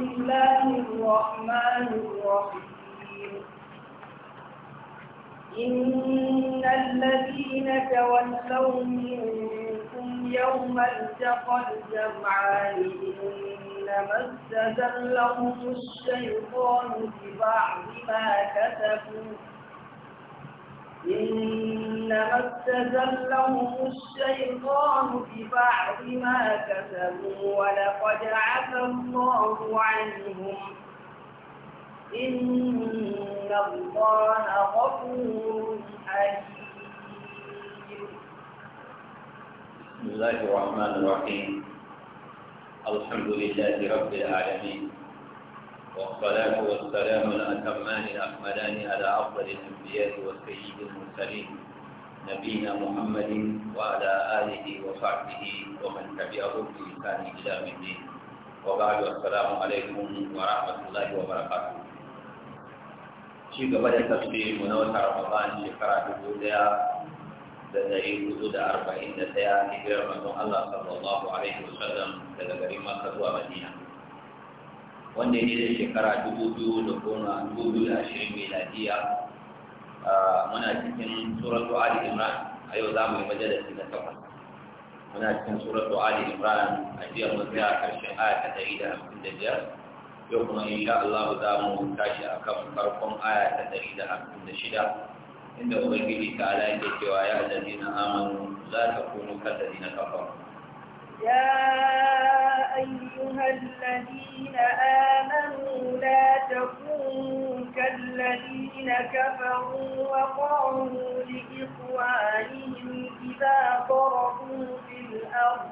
الله الرحمن الرحيم إن الذين تولوا منكم يوم التقى الجمعان إنما استزلهم الشيطان ببعض ما كسبوا إنما استزلهم الشيطان ببعض ما كسبوا ولقد عفى الله عنهم إن الله غفور حليم بسم الله الرحمن الرحيم الحمد لله رب العالمين والصلاة والسلام الأتمان الأكملان على أفضل الأنبياء وسيد المرسلين نبينا محمد وعلى آله وصحبه ومن تبعهم بإحسان إلى يوم الدين وبعد السلام عليكم ورحمة الله وبركاته ci gaba da tafsiri mu na wata Ramadan shekara dubu daya da dari hudu da arba'in da daya hijirar manzon Allah sallallahu daga garin ne da shekara dubu biyu da goma dubu biyu da ashirin miladiya muna cikin suratu ali imran a yau za mu yi majalisi na takwas muna cikin suratu ali imran a jiya mun tsaya karshen aya ta ɗari da hamsin da biyar yau kuma insha Allah za mu tashi a kan farkon aya ta ɗari da hamsin da shida inda ubangiji ta ala yake cewa ya allazina amanu la takunu kallazina kafaru يا أيها الذين آمنوا لا تكونوا كالذين كفروا وقعوا لإخوانهم إذا ضربوا في الأرض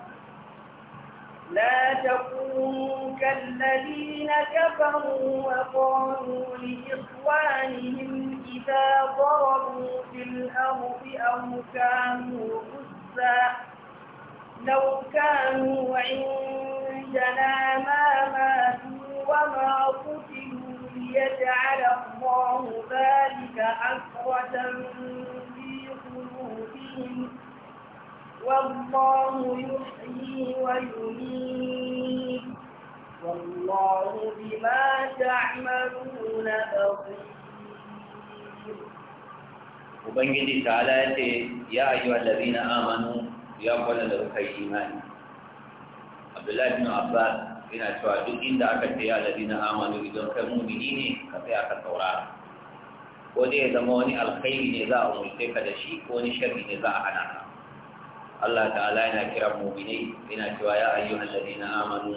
لا تكونوا كالذين كفروا وقالوا لإخوانهم إذا ضربوا في الأرض أو كانوا غزا لو كانوا عندنا ما ماتوا وما قتلوا ليجعل الله ذلك حسرة في قلوبهم والله يحيي ويميت والله بما تعملون بصير Ubangiji ta'ala ya ce, Ya ayyuhal ladina amanu ya kwallon da kuka yi imani. Abdullahi bin Abbas ina cewa duk inda aka ce ya ladina amanu idan kai mumini ne ka tsaya ka saurara ko dai ya zama wani alkhairi ne za a umurce ka da shi ko wani sharri ne za a hana ka Allah ta'ala yana kiran mu'minai yana cewa ya ayyu ladina amanu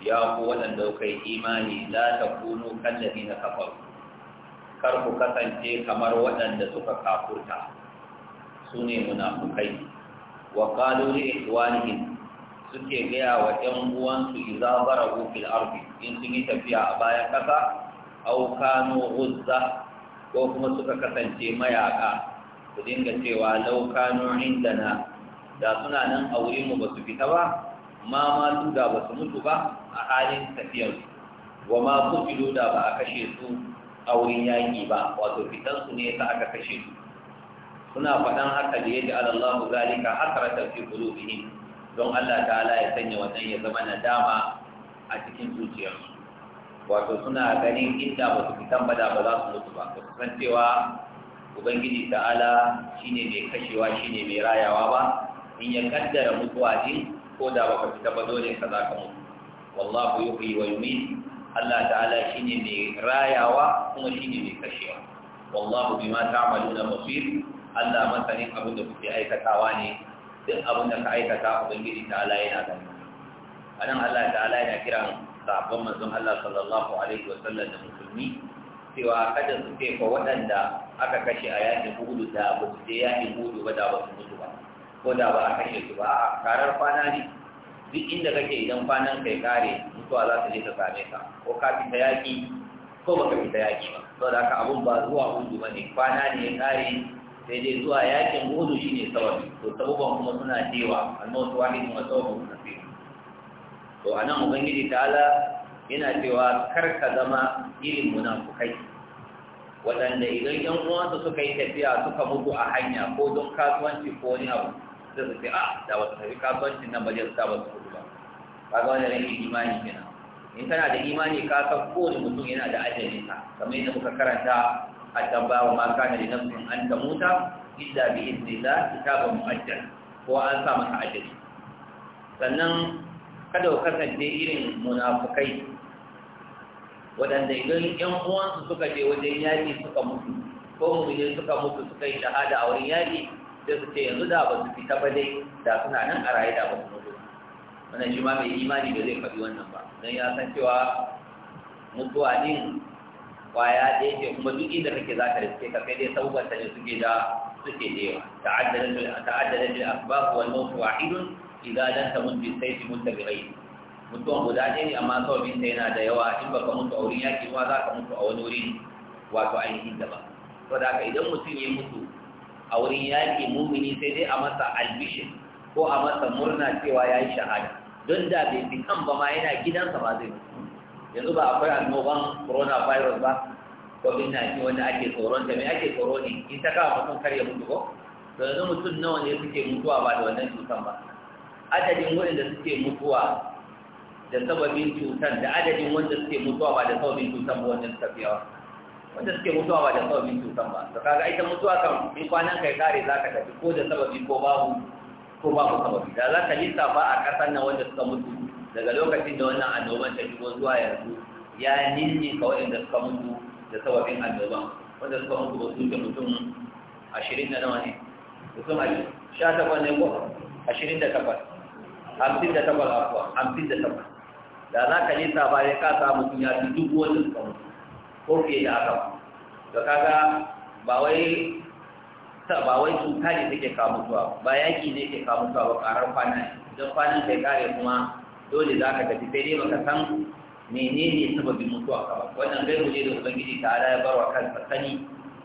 ya ku waɗanda kuka yi imani la takunu kal ladina kafaru kar ku kasance kamar waɗanda suka kafurta sune ne munafukai wa qalu li ihwanihim suke gaya wa ‘yan uwansu iza bara fil ardi in sun yi tafiya a bayan ƙasa au kano ko kuma suka kasance mayaka su dinga cewa lau kano indana da suna nan a wurinmu ba su fita ba ma ma su da ba su mutu ba a halin tafiyar wa ma su filo da ba a kashe su a wurin yaƙi ba wato fitansu ne ta aka kashe su suna faɗan haka da yadda alallahu zalika tafi fi qulubihim don Allah ta'ala ya sanya wannan ya zama nadama a cikin zuciyarsu wato suna ganin inda ba su fitan ba ba za su mutu ba ba san cewa ubangiji ta'ala shine mai kashewa shine mai rayawa ba in ya kaddara mutuwa din ko da baka fita ba dole ka za ka mutu wallahu yuhyi wa yumiit Allah ta'ala shine mai rayawa kuma shine mai kashewa wallahu bima ta'maluna basir Allah masanin abin da kuke aikatawa ne duk abin da ka aikata ubangiji ta'ala yana gani anan Allah ta'ala yana kiran sabon manzon Allah sallallahu alaihi wa sallam da musulmi cewa kada su ce ko waɗanda aka kashe a yakin hudu da ba su je yakin hudu ba da ba su mutu ba ko da ba a kashe su ba a karar kwana ne duk inda kake idan kwanan kai kare mutuwa za ta je ta same ka ko ka fita yaki ko baka fita yaki ba saboda haka abun ba zuwa hudu ba ne kwana ne ya kare sai dai zuwa yakin gudu shine sababi to sababan kuma suna cewa almautu wahidun wa sababu kasir to a nan ubangiji ta'ala yana cewa kar ka zama irin munafukai waɗanda idan ‘yan uwansu suka yi tafiya suka mutu a hanya ko don kasuwanci ko wani abu sai su ce a ah, da wasu tafi kasuwancin nan ba zai su ba su kudu ba ga wani rashin imani kenan in kana da imani ka san kowane mutum yana da ajalinsa kamar yadda muka karanta التوبة وما كان لنفس أن تموت إلا بإذن الله كتابا مؤجلا ko an sa masa ajali sannan kada ku kasance irin munafukai waɗanda idan ƴan uwansu suka je wajen yaƙi suka mutu ko mummuni suka mutu suka yi shahada a wurin yaƙi sai su ce yanzu da ba su fita ba dai da suna nan a raye da ba su mutu wannan shi ma mai imani da zai faɗi wannan ba don ya san cewa mutuwa din kwaya ɗaya ce kuma duk inda kake za ka riske ka kai dai saukan ta ne suke da suke da yawa ta'addada bil asbab wal mawt wahidun idan ta tamun bi sayfi muntabi'ai mutuwan guda ɗaya ne amma sababin ta yana da yawa in baka mutu a wurin yaki ma za ka mutu a wani wurin wato ainihin to da haka idan mutum ya mutu a wurin yaki mumini sai dai a masa albishin ko a masa murna cewa ya yi shahada don da bai fi kan ba ma yana gidansa ba zai mutu yanzu ba akwai annoban coronavirus ba covid-19 wanda ake tsoron ta mai ake tsoro ne in ta kawo mutum kar ya mutu ko to yanzu mutum nawa ne suke mutuwa ba da wannan cutan ba adadin da suke mutuwa da sababin cutan da adadin wanda suke mutuwa ba da sababin cutan ba wanda suka fiyawa wanda suke mutuwa ba da sababin cutan ba to kaga ita mutuwa kan in kwanan kai kare za ka tafi ko da sababi ko babu ko babu sababi da za ka lissafa a ƙasar nan wanda suka mutu daga lokacin da wannan annoban ta shigo zuwa yanzu ya ninni ka waɗanda suka mutu da sababin annoban wanda suka mutu ba su da mutum ashirin da nawa ne mutum sha takwas ne ko ashirin da takwas hamsin da takwas a kuwa hamsin da takwas da za ka nisa ba ya kasa mutum ya fi duk wani suka mutu ko fiye da haka da kaga ba wai ba wai cuta ne take kawo mutuwa ba yaki ne ke kawo mutuwa ba karar kwana idan don kwanan kai kare kuma dole za ka tafi sai dai baka san menene sababin mutuwa ka ba wannan gaibu ne da ubangiji ta ala ya bar wa kansa sani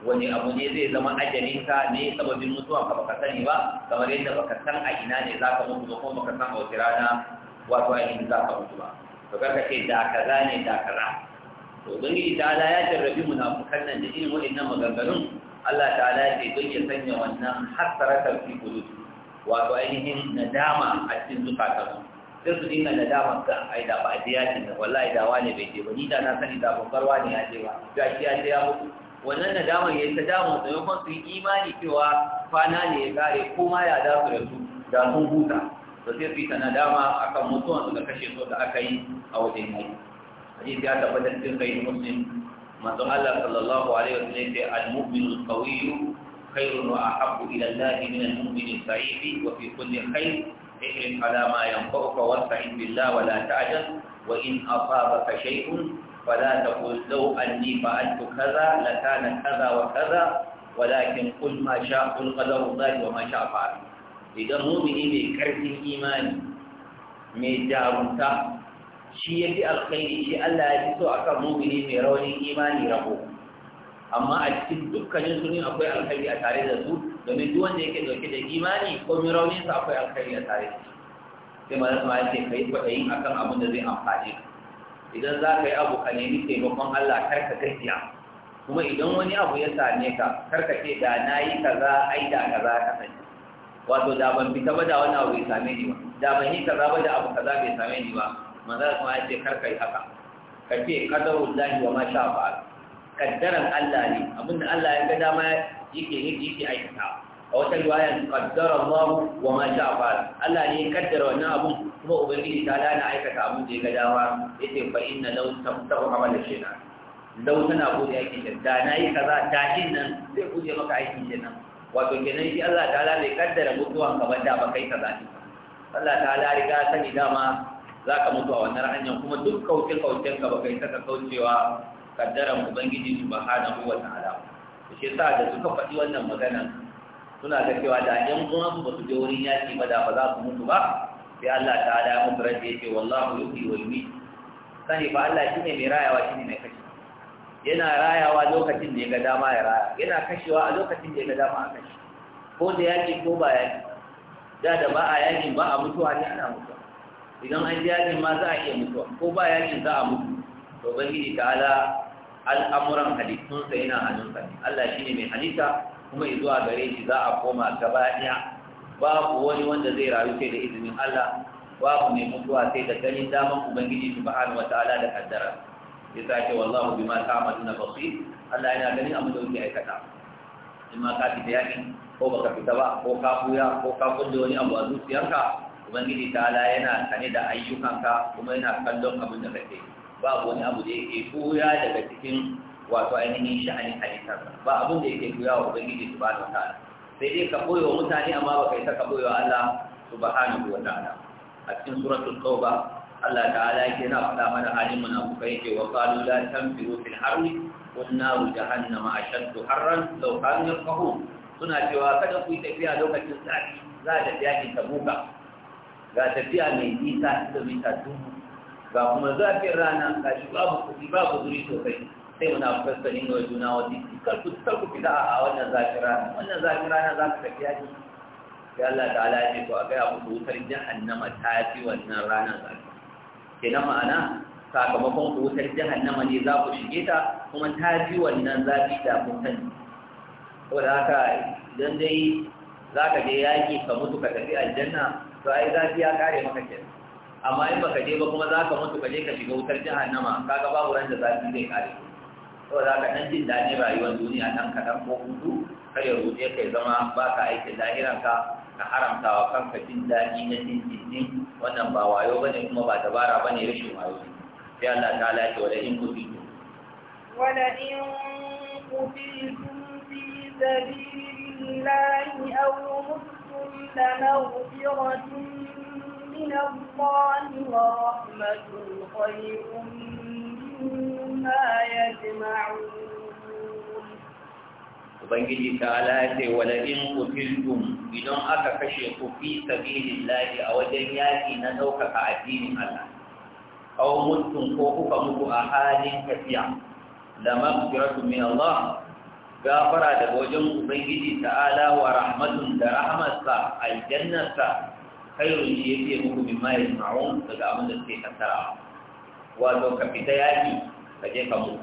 wani abu ne zai zama ajalinka ne sababin mutuwa ka baka sani ba kamar yadda baka san a ina ne za ka mutu ba kuma baka san a wace rana wato a ina za ka mutu ba to karka ce da kaza ne da kaza to ubangiji ta ala ya jarrabi munafukan nan da irin waɗannan maganganun Allah ta'ala ya ce don ya sanya wannan hasaratar fi kudu wato ainihin nadama a cikin zukatansu sai su dinga da damar ka ai da ba a je yakin da wallahi da wani bai je ba ni da na sani da babbar wani ya je ba ga shi ya je ya mutu wannan da damar ya yi ta damar maimakon su yi imani cewa kwana ne ya kare ko ma ya za su rasu da sun huta to sai su yi ta nadama akan mutuwan su da kashe su da aka yi a wajen yaki hadisi ya tabbatar cikin kai muslim manzo Allah sallallahu alaihi wasallam ya ce al-mu'minu al-qawiyyu khairun wa ahabbu ila Allah min al-mu'min al-da'if wa fi kulli khair ihrim ala ma yanfa'uka warfa'in billah wa la ta'jaz wa in asabaka shay'un fala taqul law anni fa'altu kadha la kana kadha wa kadha walakin qul ma sha'a al-qadaru dhalika wa ma sha'a fa'al idan mu'mini ne karfin imani mai jarunta shi yafi alkhairi shi Allah ya fi so aka mu'mini mai raunin imani rabo amma a cikin dukkanin ne akwai alkhairi a tare da su domin duk wanda yake dauke da imani ko mai raunin sa akwai alkhairi a tare sai manzon sama ya ce kai kwaɗayin akan abin da zai amfani idan za ka yi abu ka nemi taimakon Allah kar ka gajiya kuma idan wani abu ya same ka kar ka ce da na yi kaza ai da kaza ka sani wato da ban fita ba da wani abu ya same ni ba da ban yi kaza ba da abu kaza bai same ni ba manzon sama ya ce kar ka yi haka ka ce kadarun lahi wa ma sha fa'al kaddaran Allah ne abinda Allah ya ga dama yake yake aikata a wata riwaya qaddara Allah wa ma sha fara. Allah ne ya kaddara wannan abu kuma ubangiji ta lana aikata abu da ya ga dama yace fa inna law tabtahu amal shaytan law tana bude aikin da da nayi kaza ta kin nan zai kuje maka aikin kenan wato kenan shi Allah ta lana kaddara mutuwan ka banda ba kai kaza din Allah ta lana riga sani dama zaka mutu a wannan hanyar kuma duk kauce kaucen ka ba kai saka kaucewa kaddaran ubangiji subhanahu wa ta'ala shi sa da suka faɗi wannan magana suna da cewa da kuma su ba su je wurin yaƙi ba da ba za su mutu ba sai Allah ta ala musu rage ya ce wallahu yuhyi wa yumiit sani ba Allah shine mai rayawa shine mai kashe yana rayawa lokacin da ya ga dama ya raya yana kashewa a lokacin da ya ga dama a kashe ko da yaƙi ko ba yaƙi da da ba a yaƙin ba a mutuwa ne ana mutuwa idan an ji yaƙin ma za a iya mutuwa ko ba yaƙin za a mutu to ubangiji ta'ala al'amuran halittunsa yana hannunsa ne Allah shi ne mai halitta kuma zuwa gare shi za a koma gaba ɗaya babu wani wanda zai rayu sai da izinin Allah babu mai mutuwa sai da ganin daman ubangiji wa wataala da kaddara ya sake wallahu bima ta'maluna basir Allah yana ganin abin da kuke aikata in ma ka fita yakin ko baka fita ba ko ka buya ko ka kulle wani abu a zuciyarka ubangiji ta'ala yana sane da ayyukanka kuma yana kallon abin da kake yi babu wani abu da yake koya daga cikin wato ainihin sha'anin halittar ba abin da yake koya wa ubangiji subhanahu wa ta'ala sai dai ka koyo mutane amma ba kai saka koyo Allah subhanahu wa ta'ala a cikin suratul tauba Allah ta'ala yake na faɗa mana halin munafukai yake wa qalu la tanfiru fil harri qul naru jahannama ashaddu harran law kanu yafqahun suna cewa kada ku yi tafiya lokacin sati za a tafiya ki buka ga tafiya mai nisa kilomita dubu ga kuma zafin rana ga shi babu kuɗi babu zuri sosai sai muna fuskar yin wa juna wani kar ku kar ku fita a wannan zafin rana wannan zafin rana za ka tafi yaji sai Allah ta ala ce ko a gaya abu wutar jahannama ta fi wannan rana zafi na ma'ana sakamakon ku wutar jahannama ne za ku shige ta kuma ta fi wannan zafi da kun sani saboda haka idan dai za ka je yaƙi ka mutu ka tafi aljanna to ai zafi ya kare maka kenan amma in baka je ba kuma za ka mutu ka je ka shiga wutar ka ga babu ran da zafi zai kare to za ka ɗan jin daɗi rayuwar duniya nan kaɗan ko hutu kar ya ruɗe ka ya zama ba ka aikin lahiranka ka haramta wa kanka jin daɗi na jin jinni wannan ba wayo ba ne kuma ba dabara ba ne rashin wayo sai Allah ta lafi wa la'in kuɗi. ولئن قتلتم في سبيل الله أو متم لمغفرة من الله ورحمة خير مما يجمعون Ubangiji ta'ala ya ce wala in kutiltum idan aka kashe ku fi sabilillahi a wajen yaki na ɗaukaka addinin Allah aw mutum ko kuka mutu a halin tafiya da maghfiratu min Allah gafara daga wajen Ubangiji ta'ala wa rahmatun da rahamarsa aljannarsa khairun shi yace muku mimma yasma'un daga abin da suke tattara wato ka fita yaki ka je ka mutu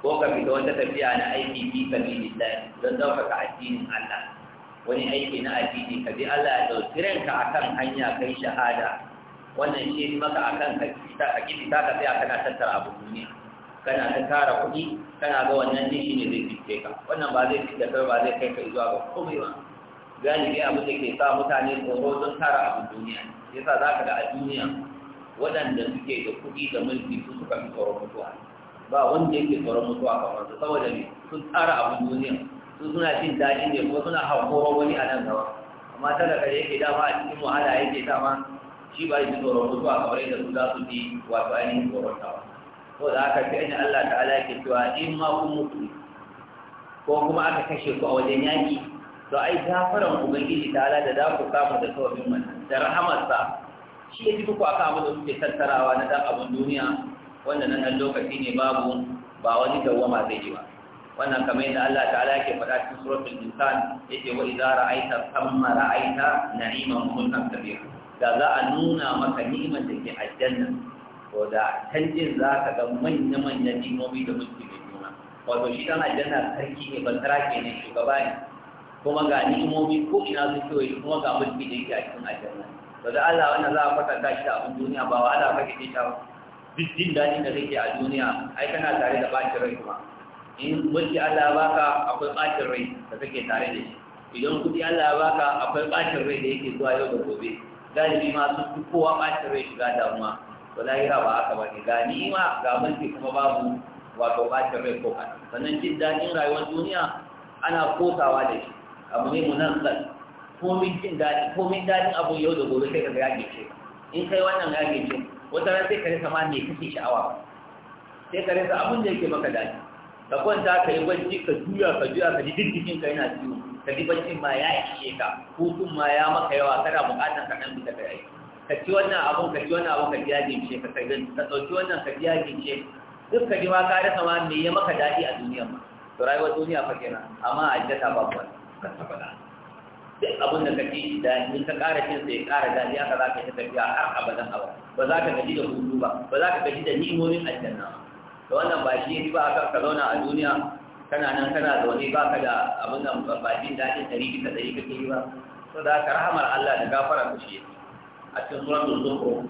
ko ka fita wata tafiya na aiki fi sabilillah don daukaka addinin Allah wani aiki na addini ka bi Allah ya ɗauki ranka akan hanya kai shahada wannan shi maka akan ka kita ka kita ta ka tsaya kana tattara abu ne. kana ta tara kuɗi kana ga wannan ne zai fice ka wannan ba zai fice kai ba zai kai ka zuwa ga komai ba galibi abin da ke sa mutane tsoro don tara abin duniya ya sa za ka da a duniya waɗanda suke da kuɗi da mulki su suka fi tsoron mutuwa ba wanda yake tsoron mutuwa kamar su saboda ne sun tsara abin duniya su suna jin daɗi ne kuma suna haƙoron wani a nan gaba amma ta da yake dama a cikin wahala yake dama shi ba shi tsoron mutuwa kamar yadda su za su bi wato ainihin tsoron tawa ko da aka fi ainihin Allah ta'ala yake cewa in ma kun mutu ko kuma aka kashe ku a wajen yaƙi to ai gafaran ubangiji ta ala da za ku samu da kawai mana da rahamarsa shi ya fi kuku aka abu da suke tattarawa na dan abun duniya wanda na ɗan lokaci ne babu ba wani dawwama zai yi ba wannan kamar yadda Allah ta'ala yake faɗa cikin suratul insan yake wa idza ra'aita thamma ra'aita na'iman mulkan kabir da za a nuna maka ni'imar da ke aljanna ko da canjin za ka ga manya-manyan ni'imomi da mulki mai nuna wato shi dan aljanna sarki ne basara ke ne shugaba ne kuma ga ni'imomi ko ina sun yi kuma ga mulki da yake a cikin aljanna ba da Allah wannan za a kwatanta shi a abin duniya ba wa Allah kake ta duk jin daɗin da kake a duniya ai kana tare da bacin rai kuma in mulki Allah baka akwai bacin rai da kake tare da shi idan kuɗi Allah baka akwai bacin rai da yake zuwa yau da gobe galibi ma sun fi kowa bacin rai shiga damuwa ba lahira ba haka ba ne ga ni'ima ga mulki kuma babu wato bacin rai ko kan sannan jin daɗin rayuwar duniya ana kotawa da shi abu ne munazzal komin jin daɗi komin daɗin abu yau da gobe sai ka ga yage ce in kai wannan yage ce wata ran sai ka rasa ma me kake sha'awa sai ka rasa abin da yake maka daɗi ka kwanta ka yi bacci ka juya ka juya ka ji diddikin ka yana ciwo ka ji bacci ma ya ishe ka hutun ma ya maka yawa kana buƙatar ka ɗan bisa ka yi ka ci wannan abun ka ci wannan abun ka ji yage ce ka ka ɗauki wannan ka ji yage ce duk ka ji ma ka rasa ma me ya maka daɗi a duniya ma to rayuwar duniya fa kenan amma a jata babu wani ka da duk abin da kake ji daɗi ka ƙara cin sai ƙara da haka za ka yi tafiya har abadan hawa. ba za ka gaji da hutu ba ba za ka gaji da nimomin aljanna da wannan ba shi ba aka ka zauna a duniya kana nan kana zaune ba ka da abin nan ba jin daɗin ɗari bisa ɗari kake yi ba to da ka rahamar Allah da gafara ku shi a cikin suratul zukhruf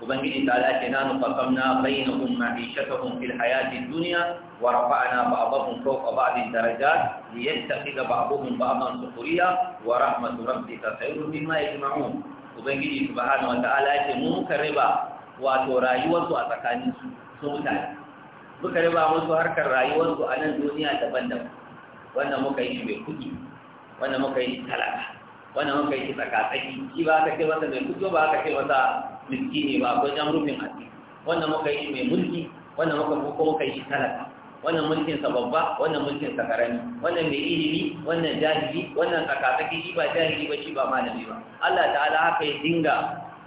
ubangiji ta ala ce nanu qasamna bainahum ma'ishatahum fil hayati dunya wa rafa'na ba'dahum fawqa ba'din darajat liyattakhidha ba'dahum ba'dan sukhriya wa rahmatu rabbika khayrun mimma yajma'un ubangiji subhanahu wa ta'ala ya ce mu muka riba wato rayuwarsu a tsakanin su mutane muka riba musu harkar rayuwarsu a nan duniya daban-daban wannan muka yi shi mai kuɗi wannan muka yi talaka wannan muka yi tsakatsaki shi ba ka ce masa mai kuɗi ba ka ce miski ne ba akwai ɗan rufin asiri wannan muka yi mai mulki wannan muka ko muka yi talaka wannan mulkin sa babba wannan mulkin sa karami wannan mai ilimi wannan jahili wannan tsakatsaki shi ba jahili ba shi ba malami ba Allah ta'ala haka ya dinga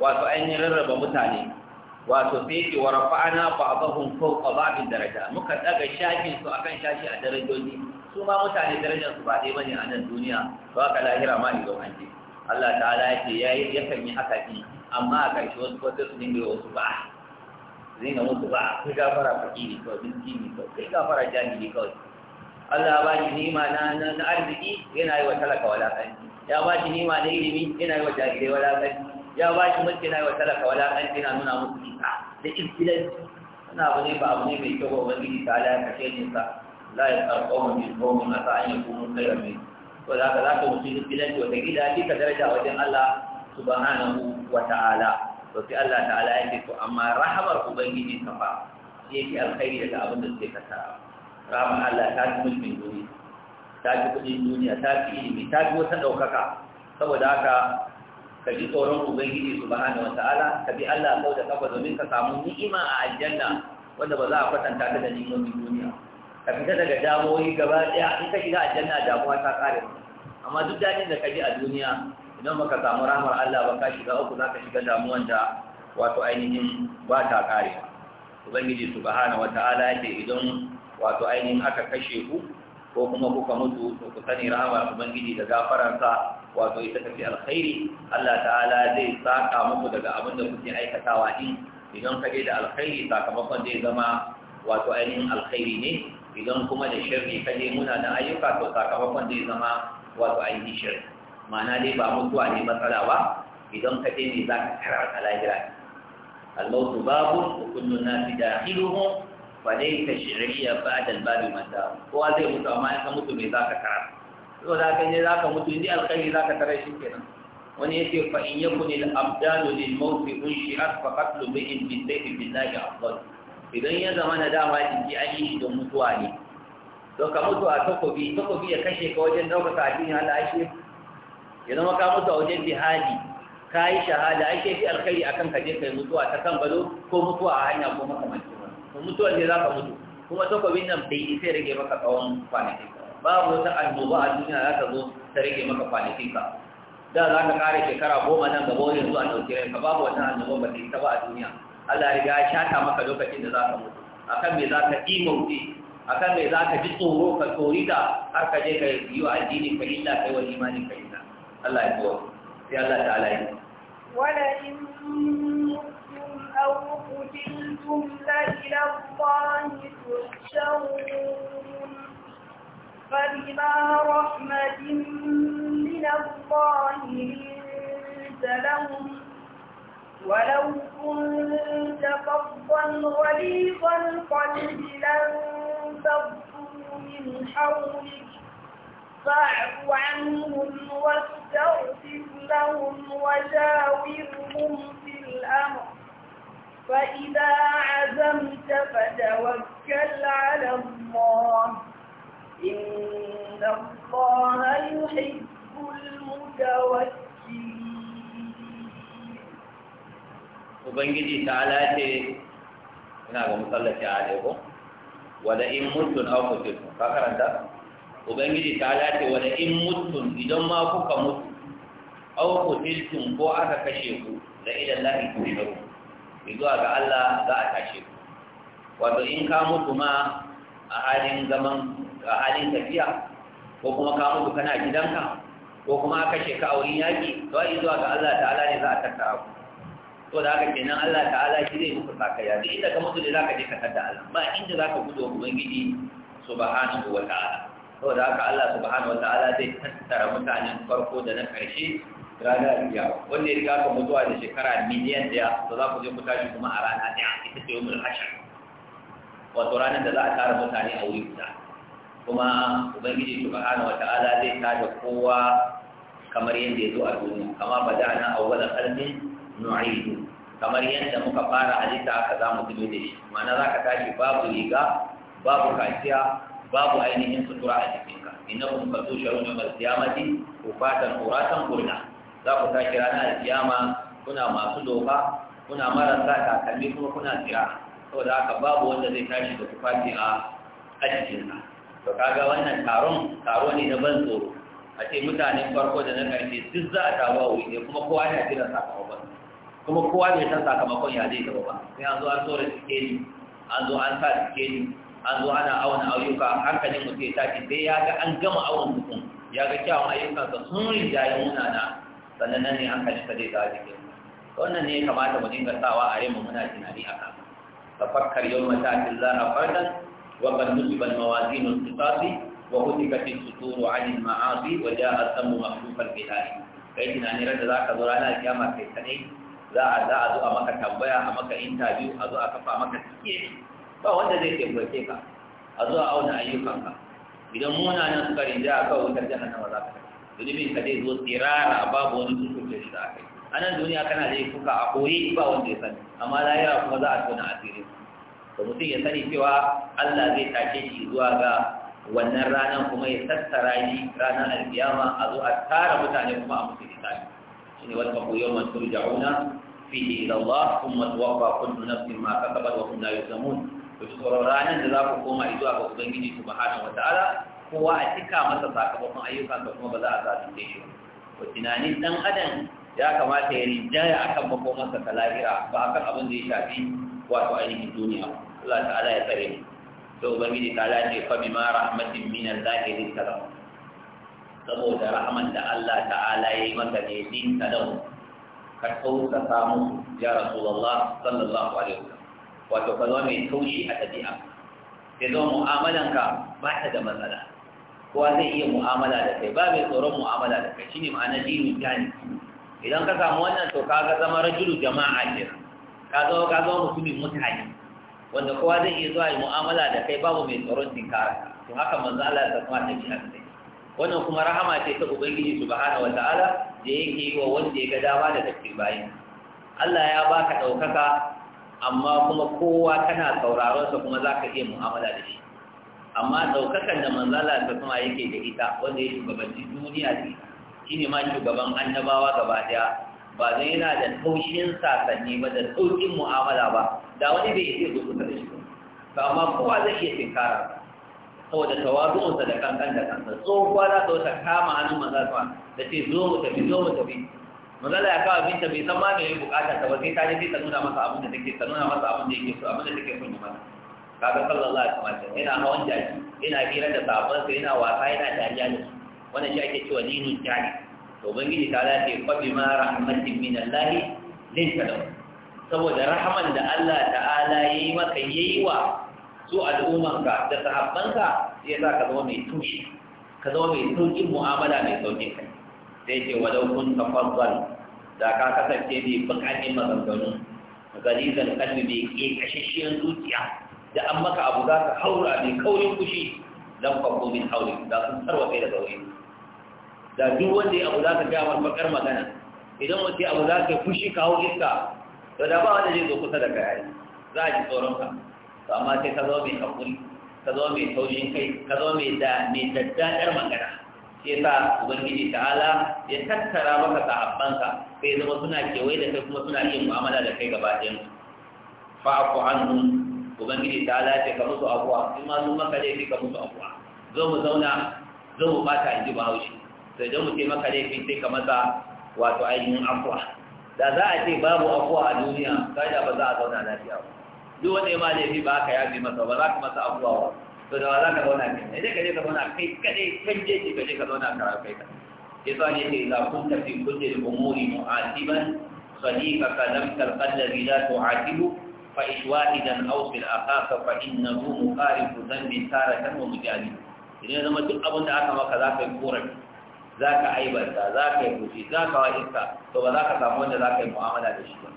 wato ainihin rarraba mutane wato sai yake wa rafa'ana ba'dahum fawqa ba'd daraja muka daga shakin su akan shashi a darajoji su ma mutane darajar su ba dai bane a nan duniya ba ka lahira ma idan an je Allah ta'ala ya ce yayi kan yi haka din amma a ƙarshe wasu ko sai su dinga wasu ba dinga musu ba kai gafara fakiri kawai dinki ne kawai kai gafara jahili kawai Allah ba shi nima na na arziki yana yi wa talaka kan ya ba shi nima na ilimi yana yi wa wala kan ya ba shi mulki yana yi wa talaka kan yana nuna musu ita. da iskilanci wannan abu ne ba abu ne mai kyau ba ta ala ya kashe ni sa la ya tsar ƙaunar min ƙaunar a sa'an ya kuma kai mai ko da haka za ka mutu gidan ki wata gida ki ka daraja wajen Allah subhanahu wa ta'ala to sai Allah ta'ala ya yake to amma rahamar ubangiji ka fa shi yake alkhairi daga abin da suke kasara rahama Allah ta fi mulkin duniya ta fi kudin duniya ta fi ilimi ta fi wata ɗaukaka saboda haka ka ji tsoron ubangiji subhanahu ta'ala. ka bi Allah sau da kafa domin ka samu ni'ima a aljanna wanda ba za a kwatanta ta da ni'imomin duniya ka fita daga damuwoyi gaba ɗaya in ka shiga aljanna damuwa ta ƙare amma duk daɗin da ka ji a duniya idan baka samu rahmar Allah ba ka shiga uku za ka shiga damuwan da wato ainihin ba ta ƙare ubangiji subhanahu wataala yake idan wato ainihin aka kashe ku ko kuma kuka mutu to ku sani rahmar ubangiji da gafaransa wato ita fi alkhairi Allah ta'ala zai saka muku daga abin da kuke aikatawa din idan ka je da alkhairi sakamakon zai zama wato ainihin alkhairi ne idan kuma da shirri ka je muna da ayyuka to sakamakon zai zama wato ainihin shirri ma'ana dai ba mutuwa ne matsala ba idan ka je ne za ka karar a lahira الموت باب وكل الناس داخله فليس شعريا da الباب متى Kowa zai mutu amma in ka mutu me za ka karar to da kai ne ka mutu indai alkhairi ka tarar shi kenan wani yace fa in yakun al abdanu lil maut unshirat fa qatlu bi'in bi sayfi billahi afdal idan ya zama na dama jiki an yi shi don mutuwa ne to ka mutu a takobi takobi ya kashe ka wajen ɗaukaka ya Allah ashe ya zama ka mutu a wajen jihadi ka yi shahada ake fi alkhairi akan ka je kai mutuwa ta kan gado ko mutuwa a hanya ko makamancin wani mutuwa ne za ka mutu kuma takobin nan bai sai rage maka tsawon kwanakin babu wata annoba a duniya za ta zo ta rage maka kwanakin ka da za ka kare shekara goma nan gaba wajen zuwa ɗauki ranka babu wata annoba ba ta yi ta ba a duniya Allah ya riga ya shata maka lokacin da za ka mutu a kan me za ka a kan me za ka ji tsoro ka tsorita har ka je ka yi wa addini ka illa kai wa imanin ka illa Allah ya tsoro sai Allah ta'ala yi wala in أو قتلتم لإلى الله تحشرون فبما رحمة من الله لنت لهم ولو كنت فظا غليظ القلب لن من حولك فاعف عنهم واستغفر لهم وجاورهم في الأمر فإذا عزمت فتوكل على الله إن الله يحب المتوكل ubangiji ta alace ina ga musallaci a alaikum wada in mutun aw kutum ka karanta ubangiji ta alace wada in mutun idan ma kuka mutu aw kutiltum ko aka kashe ku da ila lahi tusharu izuwa ga Allah za a kashe ku wato in ka mutu ma a halin zaman a halin tafiya ko kuma ka mutu kana gidanka ko kuma aka kashe ka a wurin yaki to ai zuwa ga Allah ta'ala ne za a tattara ku to da haka kenan Allah ta'ala shi zai muku sakaya da inda ka mutu da zaka je ka tada Allah ba inda zaka gudu wa ubangiji subhanahu wa ta'ala to da haka Allah subhanahu wa ta'ala zai tattara mutanen farko da na karshe ranar biya wanda ya riga ka mutuwa da shekara miliyan daya to za ku je ku tashi kuma a rana daya ita ce yawmul hashr wato ranar da za a tara mutane a wuri guda kuma ubangiji subhanahu wa ta'ala zai tada kowa kamar yadda ya zo a duniya kama ba da na awwalan kalmin nu'idu kamar yadda muka fara halitta aka za mu zube da shi ma'ana za ka tashi babu riga babu kaciya babu ainihin sutura a jikinka innakum fatusharun yawmal ko fatan uratan kurna za ku tashi ranar siyama kuna masu doka kuna marasa takalmi kuma kuna tsira saboda haka babu wanda zai tashi da tufafi a a ka. to kaga wannan taron taro ne na ban tsoro a ce mutanen farko da na karshe duk za a tawo wuri ne kuma kowa yana jiran sakamakon kuma kowa bai san sakamakon ya zai zama ba sai an zo an tsora sikeli an zo an sa sikeli an zo ana awon ayyuka hankalin mutum ya tashi sai ya ga an gama awon mutum ya ga kyawun ayyukansa sun rinjaye na. sannan nan ne hankalin ka zai dawo jikin wannan ne ya kamata mu dinga sawa a mu muna tunani a kan tafakkar yau mata a fardan wa qad nusiba al-mawazin al wa hutikat as-sutur 'an al-ma'asi wa ja'a as-samu mahdufan kai tunani rada zaka zo ranar kiyama kai kadai za a za a zo a maka tambaya a maka intabiyu, a zo a kafa maka tike ba wanda zai taimake ka a zo a auna ayyukanka idan nan suka rinja a kawo wutar nan za ka zunubin ka zai zo tsirara babu wani tukuce shi da aka yi a nan duniya kana da kuka a koyi ba wanda ya sani amma lahira kuma za a tona asiri da mutum ya sani cewa Allah zai tashe shi zuwa ga wannan ranar kuma ya tattara shi ranar alkiyama a zo a tara mutane kuma a mutu musu hisabi shine wata ku yawman turja'una به إلى الله ثم توفى كل نفس ما كسبت وهم لا يظلمون وشكر رانا ذاك كما إذا أبنجي سبحانه وتعالى هو أتكا مسا سakamakon ayyukan da kuma ba za a zalunce shi ba tunanin dan adam ya kamata ya rinjaya a makomarsa ta lahira ba akan abin da ya shafi wato ainihin duniya Allah ta'ala ya tsare mu ce fa saboda rahman da Allah ta'ala ya yi maka ne din talahu ka tausasa musu ya rasulullah sallallahu alaihi wasallam wato ka zama mai taushi a tabi'a sai zama mu'amalanka ba ta da matsala kowa zai iya mu'amala da kai ba mai tsoron mu'amala da kai shine ma'ana dinu jani idan ka samu wannan to kaga zama rajulu jama'a kenan ka zama ka zama mutumin mutane wanda kowa zai iya zuwa yi mu'amala da kai babu mai tsoron tinkara to haka manzo Allah ya saka ta ji wannan kuma rahama ce ta ubangiji subhanahu wataala da yake yi wa wanda ya ga dama da tafsir bayan Allah ya baka ɗaukaka amma kuma kowa kana sauraron sa kuma zaka iya mu'amala da shi amma ɗaukakan da manzala ta kuma yake da ita wanda ya shugabanci duniya da ita shine ma shugaban annabawa gaba daya ba zai yana da taushin sasanni ba da taushin mu'amala ba da wani bai iya zuwa kusa da shi ba amma kowa zai iya tinkara saboda tawazu'unsa da kan da kansa tsohuwa za ta wata kama hannun maza ta da ce zo mu tafi zo mu tafi mazala ya kawo abinta bai san ma me ya bukata ta ba sai ta je sai ta nuna masa abin da take ta nuna masa abin da yake so abin da take son yi masa kaga sallallahu alaihi wasallam ina hawan jaki ina hira da sai ina wasa yana dariya ne su wannan shi ake cewa dinin jani to ubangiji ta lafi kwabi ma rahmatin min Allah linta lahu saboda rahaman da Allah ta'ala yayi maka yayi wa su al'ummanka da sahabbanka ya sa ka zama mai tushe ka zama mai sauƙin mu'amala mai sauƙi kai sai ce walau kun tafazzal da ka kasance mai buƙaƙin gari da kalbi mai kashishiyar zuciya da an maka abu za ka haura mai kaurin kushi don kwakwo min haurin da sun sarwa kai da zaune da duk wanda ya abu za ka gaya bakar magana idan mutum abu za ka fushi kawo iska to da ba wanda zai zo kusa da kayayi za a ji tsoron ka to amma sai ka zo mai hakuri ka zo mai taushin kai ka zo mai daddaɗar mai daddadar magana sai sa ubangiji ta'ala ya tattara maka sahabbanka sai zama suna kewaye da kai kuma suna yin mu'amala da kai gaba ɗayan fa'afu anhum ubangiji ta'ala ce ka mutu abuwa in ma sun maka laifi ka mutu abuwa zo mu zauna zo mu bata in ji bahaushe sai don mu ce maka laifi sai ka masa wato ainihin afuwa da za a ce babu afuwa a duniya da ba za a zauna lafiya ba duk wanda ya ma laifi ba ka yafi masa ba za ka masa abuwa ba to da za ka zauna kai ne ka je ka zauna kai kadai kan je ka je ka zauna ka kai ka yasa ne ke za kun tafi kun da umuri mu'asiban sadiqa ka lam talqa alladhi la tu'atibu fa ishwahidan aw fil aqaqa fa innahu muqarifu dhanbi taratan wa mujadid idan zama duk abin da aka maka za ka yi korafi za ka aibarta, za ka yi fushi za ka wa iska to ba za ka samu wanda za ka yi mu'amala da shi ba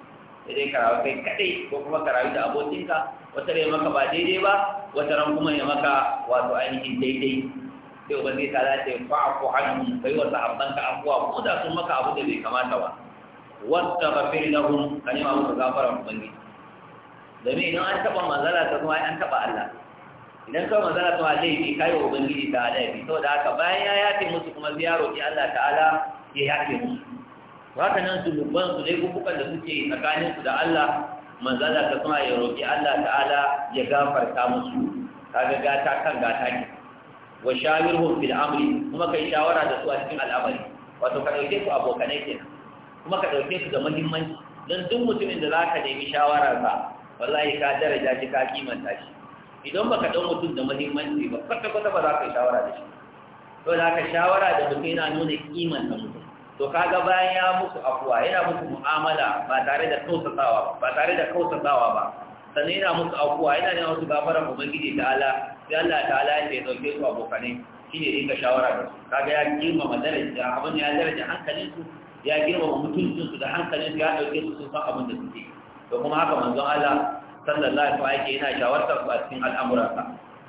sai karawa kai kadai ko kuma karawa da abokinka wata ne maka ba daidai ba wata ran kuma ne maka wato ainihin daidai sai ubangiji ta dace fa'afu anhum kai wa sahabbanka afwa ko da sun maka abu da bai kamata ba wasta na hun kan ma musu gafara ubangiji domin idan an taba manzala ta kuma an taba Allah idan kai manzala ta laifi kai wa ubangiji ta laifi saboda haka bayan ya yafe musu kuma ziyaro ki Allah ta'ala ya yafe musu haka nan zunuban su dai kukan da suke tsakanin su da Allah manzala ta kuma ya roƙi Allah ta'ala ya gafarta musu kaga gata kan gata ne wa shawirhum fil amri kuma kai shawara da su a cikin al'amari wato ka dauke su abokanai kenan kuma ka dauke su da muhimmanci don duk mutumin da zaka nemi shawara sa wallahi ka daraja shi ka kimanta shi idan baka dau mutum da muhimmanci ba kwata kwata ba za ka yi shawara da shi to da ka shawara da mutum yana nuna kimanta mutum to kaga bayan ya musu afuwa yana musu mu'amala ba tare da kautatawa ba tare da kautatawa ba sannan yana musu afuwa yana wasu musu gafaran ubangiji ta ala sai Allah ta ala ya dauke su abokanai shi ne dinka shawara da su kaga ya girmama daraja abin ya daraja hankalin su ya girmama mutuncin su da hankalin su ya dauke su sun san abin da suke to kuma haka manzon Allah sallallahu alaihi wasallam yana shawartar su a cikin al'amuransa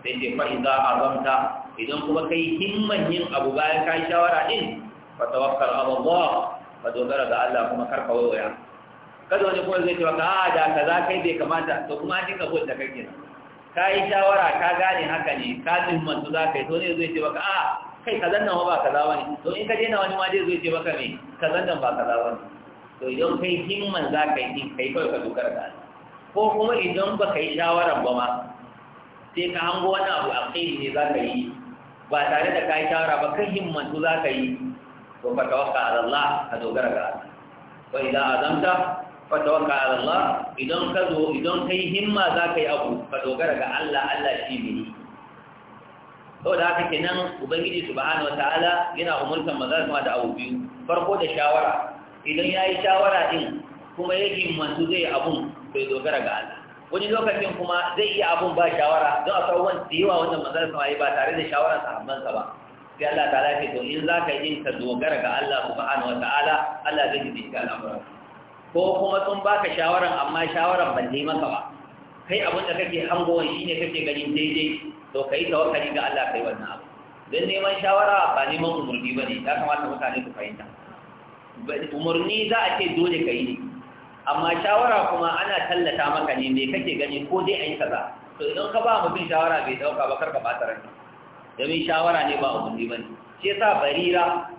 sai ce fa idza azamta idan kuma kai himman yin abu bayan kai shawara din fa tawakkal ala Allah ba dogara ga Allah kuma kar ka waya kada wani kuma zai ce maka a ah, da kaza kai bai kamata to kuma an dinga gol da kai kenan ka yi shawara ka gane haka ne ka himmantu za ka yi to ne zai ce maka a ah, kai kazan nan ba kaza wani to in ka daina wani ma dai zai ce maka me kazan nan ba kaza wani to idan kai himman za ka yi kai kawai ka dogara ga Allah ko kuma idan ba ka yi shawaran ba ma sai ka hango wani abu a kai ne za ka yi ba tare da ka yi shawara ba kan himmantu za ka yi to fa tawakkal ala ka dogara ga Allah wa idan azamta fa tawakkal ala Allah idan ka zo himma za ka yi abu ka dogara ga Allah Allah shi ne saboda haka kenan ubangiji subhanahu wataala yana umurtan maza kuma da abu biyu farko da shawara idan ya yi shawara din kuma ya zai abun dogara ga Allah wani lokacin kuma zai iya abun ba shawara don a wani da yawa wannan maza kuma yi ba tare da shawaran sahabbansa ba sai Allah ta lafi to in za ka yi ka dogara ga Allah subhanahu wa ta'ala Allah zai ji ka al'amuran ko kuma sun baka shawaran amma shawaran ban yi maka ba kai abin da kake hangowan shine kake ganin daidai to kai tawakkali ga Allah kai wannan abu don neman shawara ba neman umarni ba ne ya kamata mutane su fahimta umarni za a ce dole ka yi ne amma shawara kuma ana tallata maka ne me kake gani ko dai a yi kaza to idan ka ba mutum shawara bai dauka ba kar ka bata ranka domin shawara ne ba umarni ba ne shi yasa barira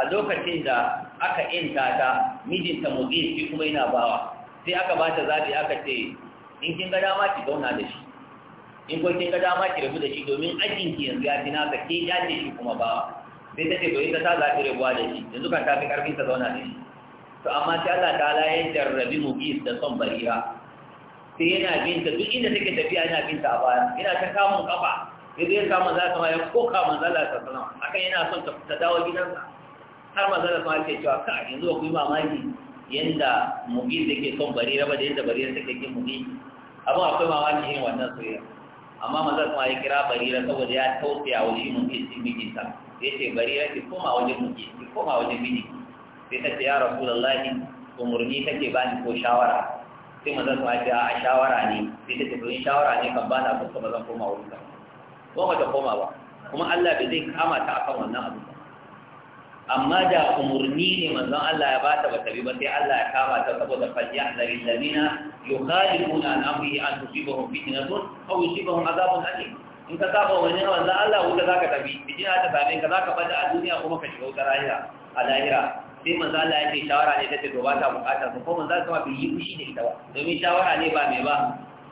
a lokacin da aka inda ta mijinta mugis shi kuma yana bawa sai aka ba ta zaɓi aka ce in kin ga dama ki zauna da shi in ko kin ga dama ki rabu da shi domin ajin ki yanzu ya fi naka ke ya ce shi kuma bawa sai ta ce to ta zaɓi rabuwa da shi yanzu kan ta fi ƙarfin ta zauna da shi to amma sai Allah ta'ala ya jarrabi mugis da son barira sai yana binta duk inda take tafiya yana binta a baya yana ta kamun kafa ya samu za manzala sama ya koka manzala ta sama akan yana son ta dawo gidansa har manzala sama ke cewa ka yanzu ku yi mamaki yadda mugi ke son barira ba da bari barira ke yin mugi amma akwai mamaki yin wannan soyayya amma manzala sama ya kira barira saboda ya tausaya wa shi mugi shi mijinsa ya ce barira ki koma wajen mugi ki koma wajen miji sai ta ce ya murni ta kake bani ko shawara sai manzala sama ya ce a shawara ne sai ta ce to in shawara ne kan bana kuka ba zan koma wurin ka ko mata koma ba kuma Allah bai zai kama ta akan wannan abu amma da umurni ne manzon Allah ya bata bata bi ba sai Allah ya kama ta saboda falyahzari ladina yukhalifuna an amrihi an tusibahum fitnatun aw yusibahum adhabun alim in ka saba wani manzon Allah wuta zaka tafi fitina ta same ka zaka bada a duniya kuma ka shiga wuta lahira a lahira sai manzon Allah ya ce shawara ne tace to ba ta bukata ko manzon Allah bai yi fushi da ita ba domin shawara ne ba mai ba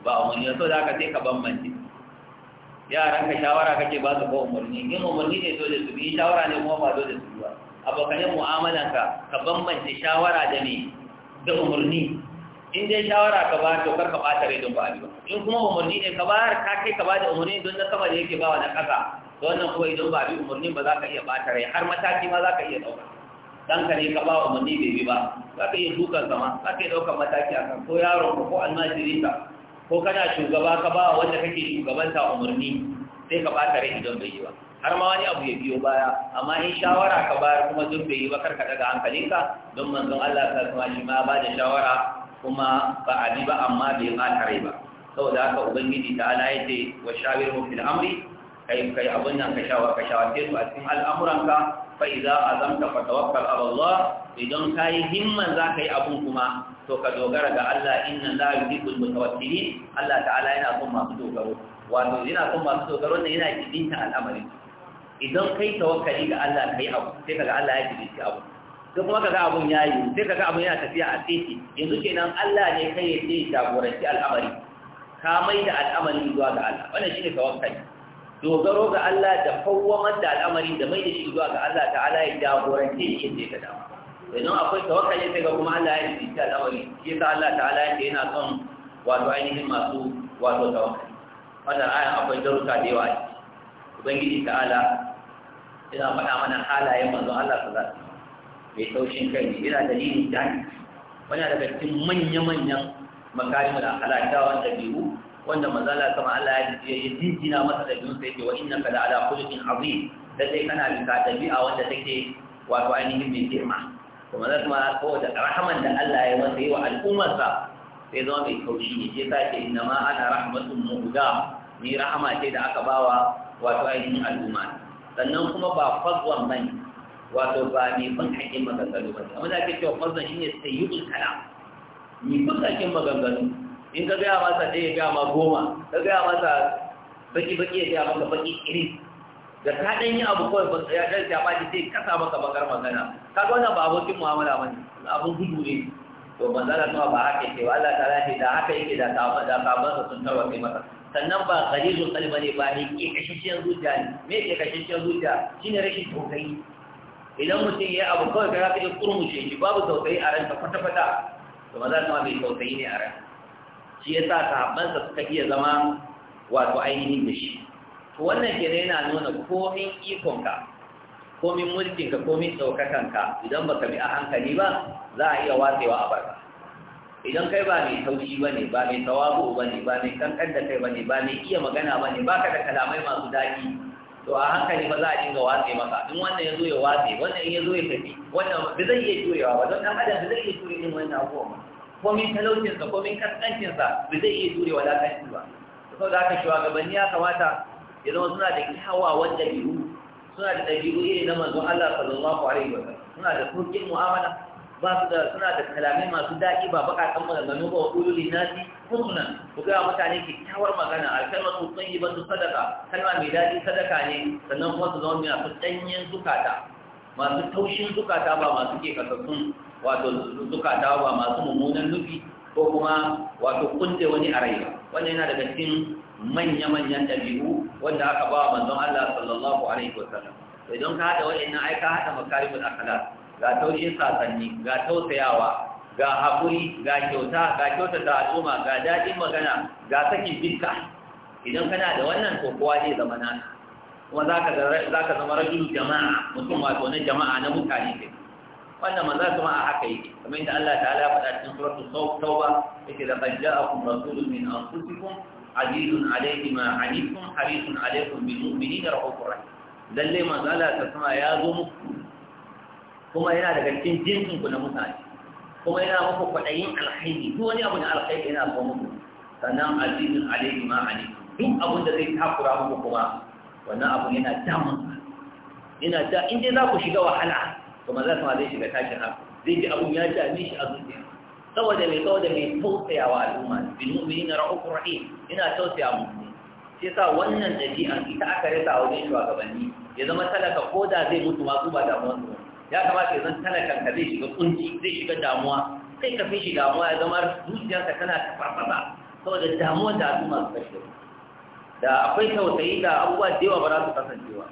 ba umurni so da haka sai ka bambance yaran ka shawara kake ba su ko umarni in umarni ne dole su bi shawara ne kuma ba dole su ba abokanin mu'amalan ka ka bambance shawara da ne da umarni in dai shawara ka ba to kar ka bata rai don ba ba in kuma umarni ne ka bayar ka kai ka ba da umarni don na sama da yake ba wa na kasa to wannan kuma idan ba a bi umarni ba za ka iya bata rai har mataki ma za ka iya ɗauka dan ka ne ka ba umarni bai bi ba za ka iya dukan sama za ka iya ɗaukan mataki a kan ko yaron ko almajirinka ko kana shugaba ka ba wanda kake shugabanta umarni sai ka bata rai idan bai yi ba har ma wani abu ya biyo baya amma in shawara ka bayar kuma duk bai yi ba karka daga hankalinka don manzon Allah ta kuma shi ma ba da shawara kuma ba a bi ba amma bai bata rai ba saboda haka ubangiji ta ala yace wa shawirhum fil amri kai kai abun nan ka shawara ka shawarce su a cikin al'amuranka fa idza azamta fa tawakkal ala Allah idan kai himman za ka yi abun kuma to ka dogara ga Allah inna la yuhibbul mutawakkilin Allah ta'ala yana son masu dogaro wato yana son masu dogaro ne yana jibinta al'amari idan kai tawakkali ga Allah kai abu sai kaga Allah ya jibinta abu Duk kuma kaga abun yayi sai kaga abun yana tafiya a tsaye yanzu kenan Allah ne kai ya jagoranci al'amari ka mai da al'amari zuwa ga Allah wannan shine tawakkali dogaro ga Allah da kawwamar da al'amari da mai da shi zuwa ga Allah ta'ala ya jagorance shi yadda ya ga dama idan akwai tawakkali sai ga kuma Allah ya yi ta al'amari shi yasa Allah ta'ala ya ce yana son wato ainihin masu wato tawakkali wanda ayan akwai darussa da yawa ubangiji ta'ala yana faɗa mana halayen manzon Allah sallallahu alaihi wasallam mai taushin kai ne yana dalilin dani wani daga cikin manya-manyan makarimul akhlaqawa wanda biyu wanda manzon Allah ya Allah ya yi jinjina masa da sai ke wa innaka la ala khuluqin azim sai kana bisa dabi'a wanda take wato ainihin mai girma kuma na kuma saboda rahaman da Allah ya masa yi wa al'ummarsa sai zama mai kaushi ne sai sa ce inna ma ana rahmatun mu guda ni rahama ce da aka bawa wato ainihin al'umma sannan kuma ba fazwan bane wato ba mai bin haƙin maganganu ba amma da ake cewa fazwan shine sayyidul kalam ni bin haƙin maganganu in ka gaya masa ɗaya gaya ma goma ka gaya masa baki-baki ya gaya maka baki iri da ka ɗan yi abu kawai ba ya ɗan shafa sai kasa maka bakar magana kaga wannan ba abokin mu'amala bane abun gudu ne to manzala kuma ba haka yake ba Allah ta'ala ce da haka yake da sabon da sa sun tarwa kai masa sannan ba gharizul kalma ne ba ne ke kashishiyar zuciya ne me ke kashishiyar zuciya shine rashin tausayi idan mutum ya abu kawai ka zaka ji kurmushe shi babu tausayi a ranka kwata kwata to manzala kuma bai tausayi ne a ran. shi yasa sahabban sa suka iya zama wato ainihin da shi to wannan kenan yana nuna komin ikonka komin mulkinka komin ɗaukakanka idan baka bi a hankali ba za a iya watsewa a barka idan kai ba mai taushi ba ne ba mai tawabu ba ne ba mai kankan da kai ba ne ba mai iya magana ba ne baka da kalamai masu daɗi to a hankali ba za a dinga watse maka in wannan ya zo ya watse wannan in ya zo ya tafi wannan ba zai iya jurewa ba don ɗan adam ba zai iya jure irin wannan ba. komin talaucinsa komin kaskancinsa ba zai iya da wadatanci ba saboda haka shugabanni ya kamata ya zama suna da kyawawan ɗabi'u suna da ɗabi'u iri na manzon Allah sallallahu alaihi wa sallam suna da kurkin mu'amala ba su da suna da kalamai masu daɗi ba baƙaƙen maganganu ba wa ƙulu linnasi husnan ku ga mutane kyakkyawar magana alkalmatu tayyibatu sadaka. kalma mai daɗi sadaka ne sannan kuma su zama masu ɗanyen zukata masu taushin zukata ba masu ke kasassun wato zukata ba masu mummunan nufi ko kuma wato kunce wani a rai wannan yana daga cikin manya-manyan ɗabi'u wanda aka ba wa manzon Allah sallallahu alaihi wasallam idan ka haɗa waɗannan ai ka haɗa makarimin akhlaq ga taurin sasanni ga tausayawa ga haƙuri ga kyauta ga kyauta ta al'umma ga daɗin magana ga sakin bidka idan kana da wannan to kowa zai zama naka kuma za ka zama rajul jama'a mutum wato na jama'a na mutane ke wannan maza kuma a haka yake kamar yadda Allah ta'ala ya faɗa cikin suratul tauba yake da qad ja'akum rasulun min anfusikum azizun alaihi ma anifun harisun alaikum bil mu'minina rahmatur rahim lalle manzo Allah ta sama ya zo muku kuma yana daga cikin jinkin ku na mutane kuma yana muku kwadayin alkhairi duk wani abu na alkhairi yana so muku sannan azizun alaihi ma anifun duk abun da zai takura muku kuma wannan abu yana damun yana da in dai za ku shiga wahala Kuma to manzo ma zai shiga tashin hankali zai ji abun ya dame shi a zuciya saboda mai saboda mai tausaya wa al'umma bil mu'minina ra'ufur rahim ina tausaya musu shi sa wannan da dabi'an ita aka rasa a wajen shugabanni ya zama talaka ko da zai mutu ma su ba damuwa su ya kamata ya zan talakan ka zai shiga kunci zai shiga damuwa kai ka fi shi damuwa ya zama zuciyarka tana tafarfasa saboda damuwa da al'umma su kashe da akwai tausayi da abubuwa da yawa ba za su kasancewa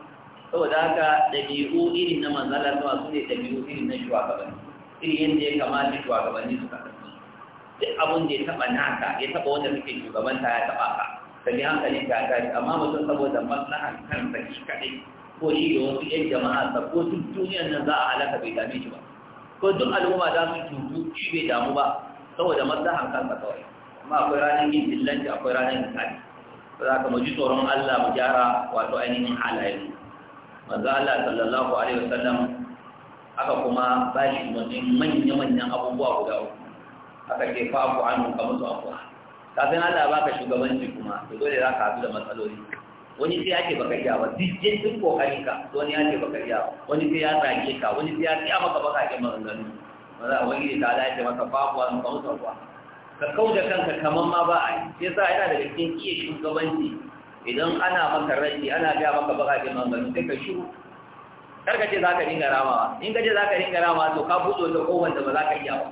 saboda haka dabi'u irin na manzala zuwa su ne dabi'u irin na shugabanni irin yadda ya kamata shugabanni su kasance duk abin da ya taɓa naka ya taɓa wanda suke shugabanta ya taɓa ka sami hankali ga gaji. amma mutum saboda maslaha kan saki kaɗai ko shi da wasu ƴan jama'a sa ko duk duniyar nan za a halaka bai dame shi ba ko duk al'umma za su cutu shi bai damu ba saboda kan kansa kawai amma akwai ranar yin dillanci akwai ranar yin tsari za ka mu ji tsoron Allah mu gyara wato ainihin halayen manzo Allah sallallahu alaihi wasallam aka kuma ba shi manyan manyan abubuwa guda uku aka ke fa abu an ka mutu ka kafin Allah ba ka shugabanci kuma to dole za ka hadu da matsaloli wani sai yake baka iya ba duk jinsin kokarin ka wani ya ce baka iya wani sai ya zage ka wani sai ya tsaya maka baka ke maganganu maza wani ta lafiya maka fa abu an ka mutu afuwa ka kauda kanka kaman ma ba a yi sai sa yana da cikin iya shugabanci idan ana maka rashi ana ga maka baka ke maganganu sai ka shiru kar ka ce za ka dinga ramawa in ka ce za ka dinga ramawa to ka buɗe wata kofar da ba za ka iya ba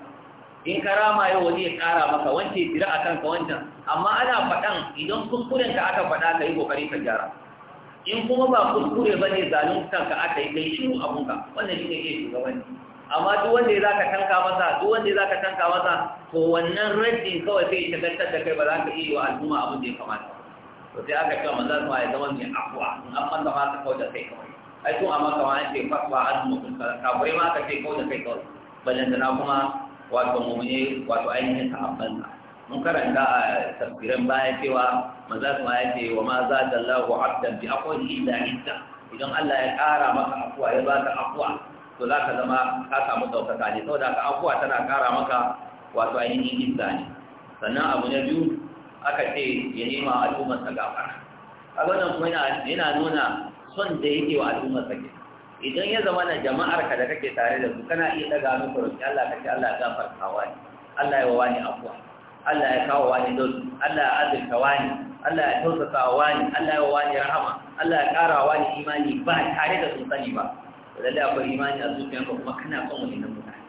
in karama yau wani ya kara maka wance jira a kanka wancan amma ana faɗan idan kuskuren ka aka faɗa ka yi ƙoƙari ka gyara in kuma ba kuskure ba ne zalun kanka aka yi kai shiru abunka wannan shi ne shiga wani amma duk wanda za ka tanka masa duk wanda za ka tanka masa to wannan raddin kawai sai ya shagaltar da kai ba za ka iya yi wa al'umma abin da ya kamata to sai aka cewa maza su waye zama mai afuwa in an fanta ma ka kawai da kai kawai ai tun amma kamar an ce fasfa azumin kafirai ma aka ce kawai da kai kawai balantana kuma wato mummune wato ainihin sahabbansa mun karanta a tafsirin baya cewa maza su ma yace wa ma za da Allahu abdan bi aqwali illa idda idan Allah ya kara maka afuwa ya baka afuwa to za ka zama ka samu ɗaukaka ne saboda ka afuwa tana kara maka wato ainihin idda ne sannan abu na biyu aka ce ya nema al'ummar ta gafara a wannan kuma yana nuna son da yake wa al'ummar sa ke idan ya zama na jama'ar ka da kake tare da su kana iya daga musu roƙi Allah kace Allah ya gafarta wani Allah ya wani afwa Allah ya kawo wani dole Allah ya azurta wani Allah ya tausasa wani Allah ya wani rahama Allah ya ƙara wani imani ba tare da sun sani ba lalle akwai imani a ka kuma kana son wani nan mutane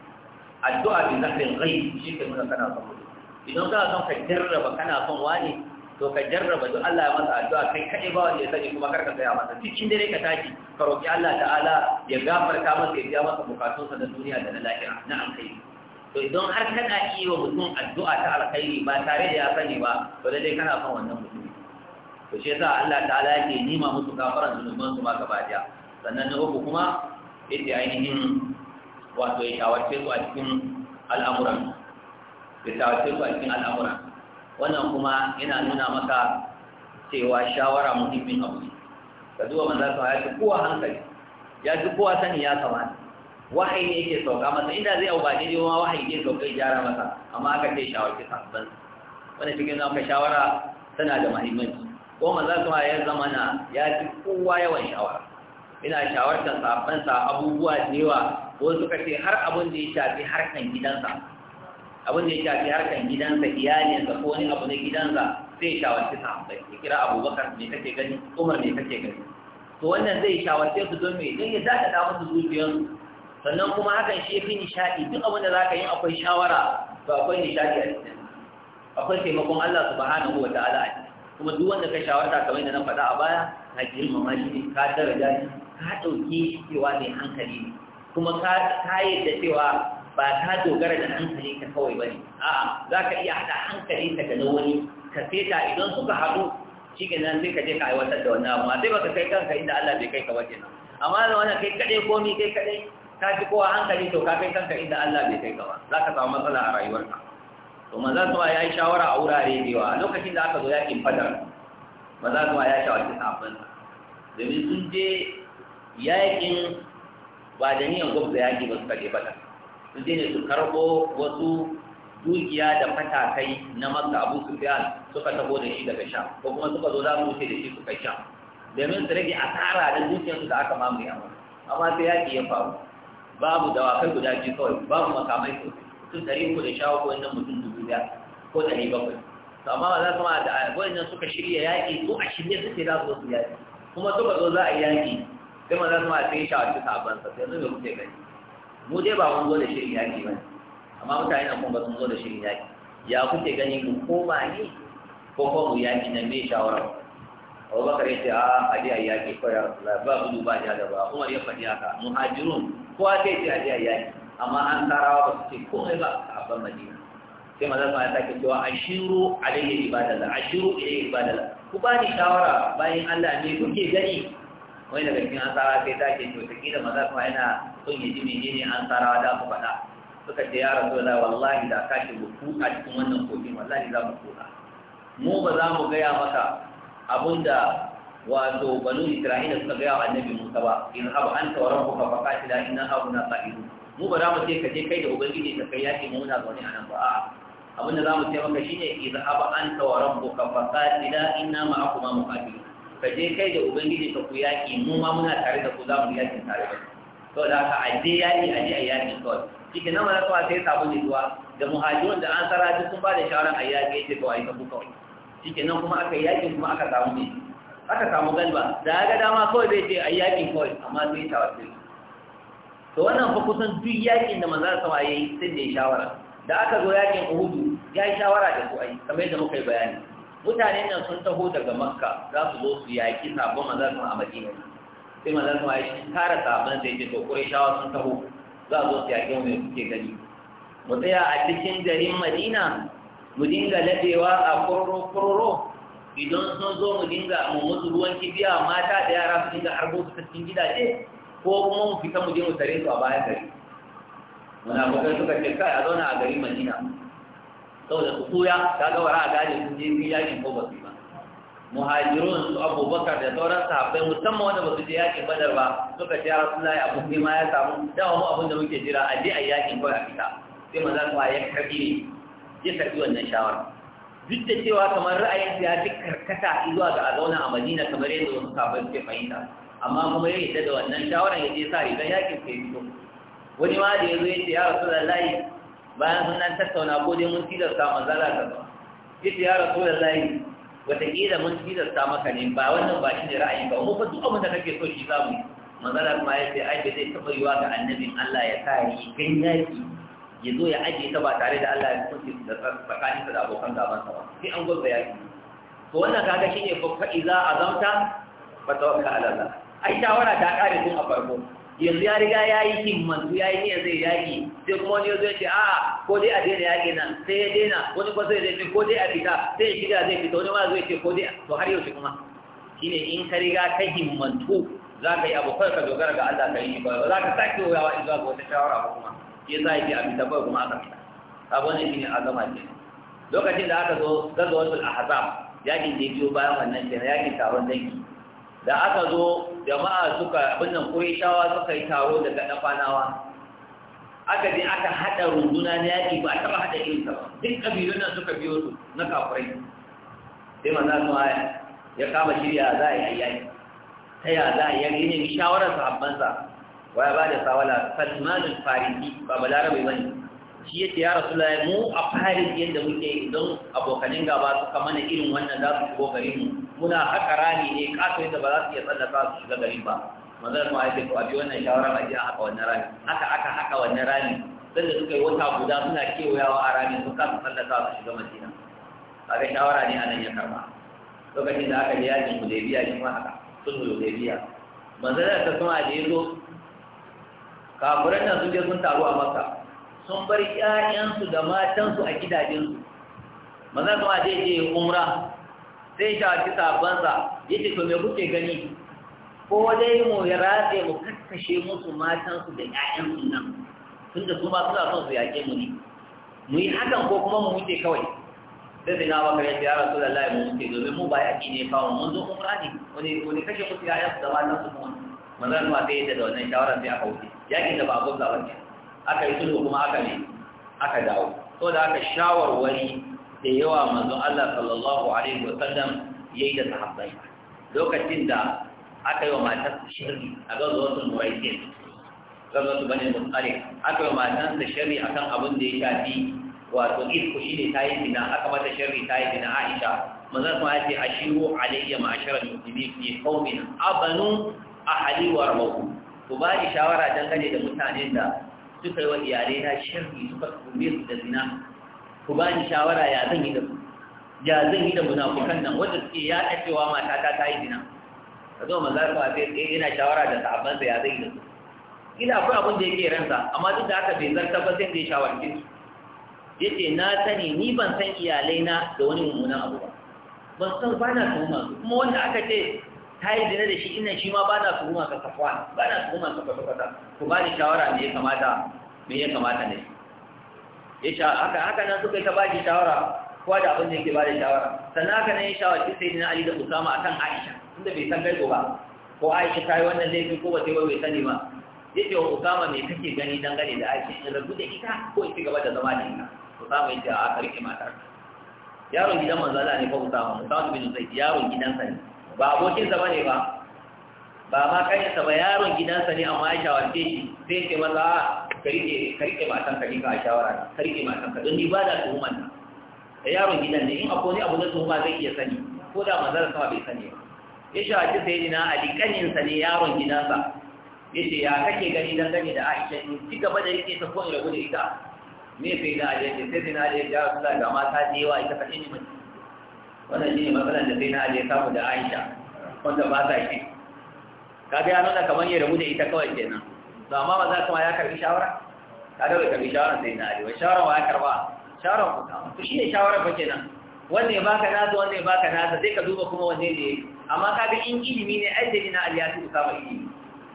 addu'a bi zafin ghaib shi ke nuna kana son idan ka son ka jarraba kana son wani to ka jarraba duk Allah ya masa addu'a kai kaɗai ba wanda ya sani kuma karka saya masa cikin dare ka tashi ka roƙi Allah ta'ala ya gafarta masa ya biya masa bukatunsa na duniya da na lahira na alkhairi to idan har kana iya wa mutum addu'a ta alkhairi ba tare da ya sani ba to lallai kana son wannan mutum to shi yasa Allah ta'ala yake nima musu gafaran zunuban su ma gaba daya sannan na uku kuma yadda ainihin wato ya shawarce su a cikin al'amuran ya shawarce su a cikin al'amuran wannan kuma yana nuna maka cewa shawara muhimmin abu ne ka duba manzo ya ci kowa hankali ya ci kowa sani ya kamata wahayi ne yake sauka masa inda zai abu ba ne ma wahayi ne sauka gyara masa amma aka ce shawarci sabban Wani cikin zama shawara tana da mahimmanci ko manzo su ya zama na ya ci kowa yawan shawara ina shawartar sabban sa abubuwa da yawa ko suka ce har abin da ya shafi harkan gidansa abin da ya shafi harkan gidansa iyalinsa ko wani abu na gidansa zai shawarci sahabbai ya kira abubakar me kake gani umar me kake gani to wannan zai shawarce su don me don ya zaka da musu zuciyarsu sannan kuma hakan shi yafi nishaɗi duk abin da zaka yi akwai shawara to akwai nishaɗi a cikin akwai taimakon Allah subhanahu wa ta'ala a cikin kuma duk wanda ka shawarta kamar yadda na faɗa a baya ka girmama shi ne ka daraja shi ka ɗauki cewa mai hankali ne kuma ka yadda cewa ba ta dogara da hankali ka kawai ba ne? a'a za ka iya haɗa hankali ta da na wani ka seta idan suka haɗu shi ke nan zai ka je ka aiwatar da wannan abu sai baka kai kanka inda Allah bai kai ka waje nan amma da wannan kai kaɗai komi kai kaɗai ka ji kowa hankali to ka kai kanka inda Allah bai kai ka ba za ka samu matsala a rayuwarka to maza zuwa ya yi shawara a wurare da yawa lokacin da aka zo yakin fadar maza zuwa ya shawarci sabon domin sun je yakin ba da niyan gwamnati yaƙi ba suka je fadar su je su karɓo wasu dukiya da matakai na maka abu su fiya suka taho da shi daga sha ko kuma suka zo za su wuce da shi su kai sha domin su rage asara da dukiyarsu da aka mamaye amma amma sai yaƙi ya faru babu dawakai guda biyu kawai babu makamai sosai mutum ɗari uku da shawo ko wannan mutum dubu biyar, ko ɗari bakwai to amma ba za su ma da wannan suka shirya yaƙi ko a shirye suke za su zo yaƙi kuma suka zo za a yi yaƙi sai ma za su ma sai shawarci sabon sa sai yi da kuke gani mu dai ba mun zo da shirin yaki ba amma mutane na kuma ba sun zo da shirin yaki ya kuke gani mu koma ne ko ko mu yaki nan me shawara Abubakar ya a aje a yaki ko ya ba ba ya faɗi haka a ce aje a amma an tarawa ba su ce komai ba a Madina sai maza ma ya sake cewa ashiru alayhi ibadallah ashiru ilayhi ibadallah ku ba shawara bayan Allah ne kuke gani wai daga cikin asara sai take to take maza kuma yana son ya ji menene an sarawa da su faɗa suka ce ya rasu da wallahi da ka shigo a cikin wannan kogin wallahi za mu kuka mu ba za mu gaya maka abin da wato banu isra'ila suka gaya wa annabi musa ba in abu an tawaron kuka inna abu na mu ba za mu ce ka je kai da ubangiji ka kai yaƙi mu muna zaune a nan ba abin da za mu ce maka shine idza an inna ka je kai da ubangiji ka ku yaƙi mu ma muna tare da ku za mu tare da ku to da haka a je yaƙi a je a yaƙi kawai shi ke nan mana kawai sai sabon jituwa da muhajirun da an tsara duk sun ba da shawarar a yaƙi ce kawai ta buka wani shi ke nan kuma aka yaƙi kuma aka samu ne aka samu galiba, da ya ga dama kawai zai ce a yaƙi kawai amma zai yi tawassuli to wannan fa kusan duk yaƙin da manzara sama ya yi sai da ya shawara da aka zo yaƙin uhudu ya yi shawara da su a yi kamar yadda muka yi bayani mutanen nan sun taho daga makka za su zo su yaƙi sabon manzara sama a madina sai manzon sama ya tara sabon sai ce to qurayshawa sun taho za a zo su yaƙe mai kuke gani mu tsaya a cikin garin madina mu dinga ladewa a kororo kororo idan sun zo mu dinga mu musu ruwan kibiya mata da yara su dinga harbo su cikin gidaje ko kuma mu fita mu je mu tare su a bayan gari muna bukar suka ce kai a zauna a garin madina saboda su tuya ta ga a gane sun je sun yakin ko ba su ba muhajirun su abubakar da sauran sahabbai musamman wanda ba su je yakin badar ba suka ce ya rasulullahi abu ne ma ya samu dawa mu abin da muke jira a je a yakin kawai a fita sai maza su ya karbi ne ya karbi wannan shawara duk da cewa kamar ra'ayin ya fi karkata zuwa ga a zauna a madina kamar yadda wasu sahabbai suke fahimta amma kuma ya yadda da wannan shawaran ya je sa rigar yakin sai fito wani ma da ya zo ya ce ya rasulullahi bayan sun nan tattauna ko dai mun tilasta manzala ka ba ya ce ya rasulullahi wataƙila mun tilasta maka ne ba wannan ba shi ne ra'ayin ba mu fa duk abin da kake so shi za mu manzara kuma ya ce ai ba zai taɓa yiwa ga annabin Allah ya sa yi yaki ya zo ya ajiye ta ba tare da Allah ya kunce da tsakaninsa da abokan gabansa ba sai an gwabza yaki to wannan kaga shine fa iza azamta fa tawakkal ala Allah ai shawara ta kare tun a farko yanzu ya riga ya yi himmantu ya yi niyyar zai yaƙi sai kuma wani ya ce a'a ko dai a daina yaƙi nan sai ya daina wani kuma zai ce ko dai a fita sai ya shiga zai fita wani ma zai ce ko dai to har yaushe kuma Shi ne in ka riga ka himmantu za ka yi abu kawai ka dogara ga Allah ka yi ba za ka sake wayawa wa izuwa ga wata shawara ba kuma ya sa yake a fita ba kuma aka fita abu ne a zama ce lokacin da aka zo a ahzab yaƙin da ya biyo bayan wannan kenan yaƙin taron dangi da aka zo jama'a suka abin nan ƙurishawa suka yi taro daga ɗafanawa aka je aka haɗa runduna na yaƙi ba a taɓa haɗa irinsa ba duk ƙabilun nan suka biyo su na kafurai sai za su ya kama shirya za a yi yaƙi ta ya za a yi yaƙi ne shawarar sahabbansa waya ba da sawala salmanul farisi ba balarabe ba ne shi yadda ya rasu mu a faris yadda muke don abokanin gaba suka mana irin wannan za su shigo mu. muna haka rani ne kafin da ba za su iya tsallaka su shiga gari ba manzon mu aike ko abi wannan shawara a a haka wannan rani haka aka haka wannan rani sai da suka yi wata guda suna kewayawa a rami su kasa tsallaka su shiga madina kaga shawara ne anan ya karba lokacin da aka je yakin hudaybiya shi ma haka sulhu hudaybiya Maza da ta kuma da yazo kafiran nan sun je sun taru a makka sun bar ƴaƴansu da matansu a gidajensu manzon kuma zai je umra sai shawarci sabansa ya ce to me kuke gani ko dai mu ya ratse mu kakkashe musu su da su nan tunda su ma suna son su yaƙe mu ne mu yi hakan ko kuma mu wuce kawai sai sai na baka ya ya rasu da layi mu wuce domin mu ba yaƙi ne kawo mun zo kuma rani wani wani kashe musu su da matansu kuma manzan ma sai yadda da wannan shawarar sai aka wuce Yaƙi da ba a gwamza ba ne aka yi sulhu kuma aka ne aka dawo saboda aka shawarwari da yawa manzon Allah sallallahu alaihi wa sallam yayi da sahabbai lokacin da aka yi wa matar shirri a gazuwatul muwaisin gazuwatul bani mutsalif aka yi wa matar da shirri akan abin da ya shafi wato isku shine tayi bina aka mata shirri tayi bina Aisha manzon kuma ya ce ashiru alayya ma'ashara mu'minin fi qaumin abanu ahli wa rawu ku ba ni shawara dangane da mutanen da suka yi wa iyalai na shirri suka kume su da zina ku ba ni shawara ya zan yi da ku ya zan yi da munafukan nan wanda suke ya ta cewa matata ta yi dina. ka zo manzo Allah sai yana shawara da sa ya zan yi da ku. kila akwai abin da yake ransa amma duk da haka bai zarta ba sai da ya shawarce su yace na sani ni ban san iyalai na da wani mummunan abu ba ban san ba na tuhuma su kuma wanda aka ce ta yi dina da shi ina shi ma ba na tuhuma ka safwa ba na tuhuma ka kwata ku ba ni shawara me ya kamata me ya kamata ne isha haka haka nan suka yi ta baki shawara kowa da abin da yake bada shawara sannan haka nan isha wace sai na ali da usama akan aisha tunda bai san gaibo ba ko aisha ta yi wannan laifin ko ba sai bai sani ba ya ce wa usama me kake gani dangane da aisha in rabu da ita ko in ci gaba da zama da ita usama ya ce a karki mata yaron gidan Allah ne ko usama usama bin zaid yaron sa ne ba abokinsa bane ba ba ma kanyarsa ba yaron gidansa ne amma ya shawarce shi sai ke maza karike karike matan ka a shawara na karike matan ka don ni ba da tuhuman na da yaron gidan ne in akwai abu na tuhuma zai iya sani ko da manzara sama bai sani ba ya shawarci sai na alikaninsa ne yaron gidansa ya ce ya kake gani don gani da aisha ne ci gaba da rike ta kone rabu da ita me sai na aliyar ce sai na aliyar ya rasu da mata da yawa ita kaɗai ne mace wannan shi ne matsalar da sai na aliyar samu da aisha wanda ba ta shi kaga ya nuna kamar ya rabu da ita kawai kenan to amma ba za ka ya karbi shawara ka da ka bi shawara sai na ali shawara wa ya karba shawara ku ta to shine shawara ba kenan wanne baka nasa wanne baka nasa sai ka duba kuma wanne ne amma ka bi in ilimi ne ai sai na ali ya tuka ma ilimi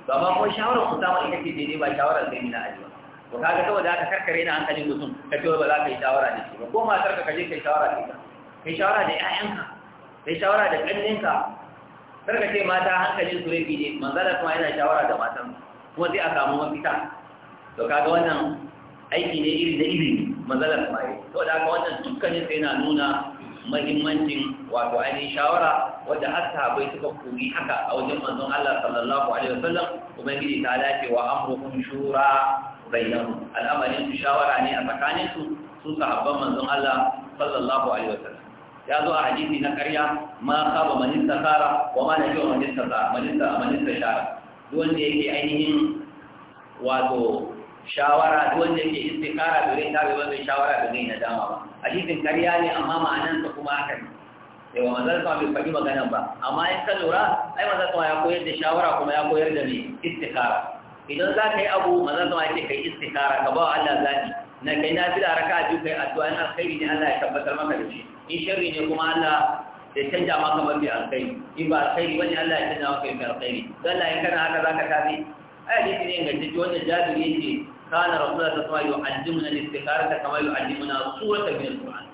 to amma ko shawara ku ta ma ita ce daidai ba shawara sai na ali ba ka ga saboda haka karkare ni hankalin mutum ka ce ba za ka yi shawara da shi ba ko matar ka kaje kai shawara da ita kai shawara da ƴaƴanka kai shawara da ƙanninka karka ce mata hankalin su rabi ne manzala kuma yana shawara da matan kuma sai a samu mafita to kaga wannan aiki ne iri da iri matsalar maye to da haka wannan dukkanin sai yana nuna mahimmancin wato ainihin shawara wadda har sahabbai suka koyi haka a wajen manzon Allah sallallahu alaihi wasallam kuma ubangiji ta dace wa amrukum shura bainahum al'amarin su shawara ne a tsakanin su su sahabban manzon Allah sallallahu alaihi wasallam ya zo a hadisi na ƙarya ma khaba man istakara wa ma najawa man istakara man istakara wanda yake ainihin wato shawara wanda yake istikara da rai ta gaba mai shawara da rai na dama ba hadisin karya ne amma ma'anansa kuma haka ne sai wa manzal bai faɗi maganan ba amma in ka lura ai mazal kuma ya koyar da shawara kuma ya koyar da mai istikara idan za ka yi abu mazal kuma ya ce kai istikara ka ba wa Allah zaɓi na kai na fi da raka a biyu kai addu'a in alkhairi ne Allah ya tabbatar maka da shi in shirin ne kuma Allah ya canja ma kamar mai in ba alkhairi wani Allah ya canja maka mai alkhairi don la in kana haka za ka tafi a ne ne ga jiji wanda jabiri yake kana ta rasulullahi sallallahu alaihi wasallam yu'allimuna al-istikharata kama na surata min al-qur'an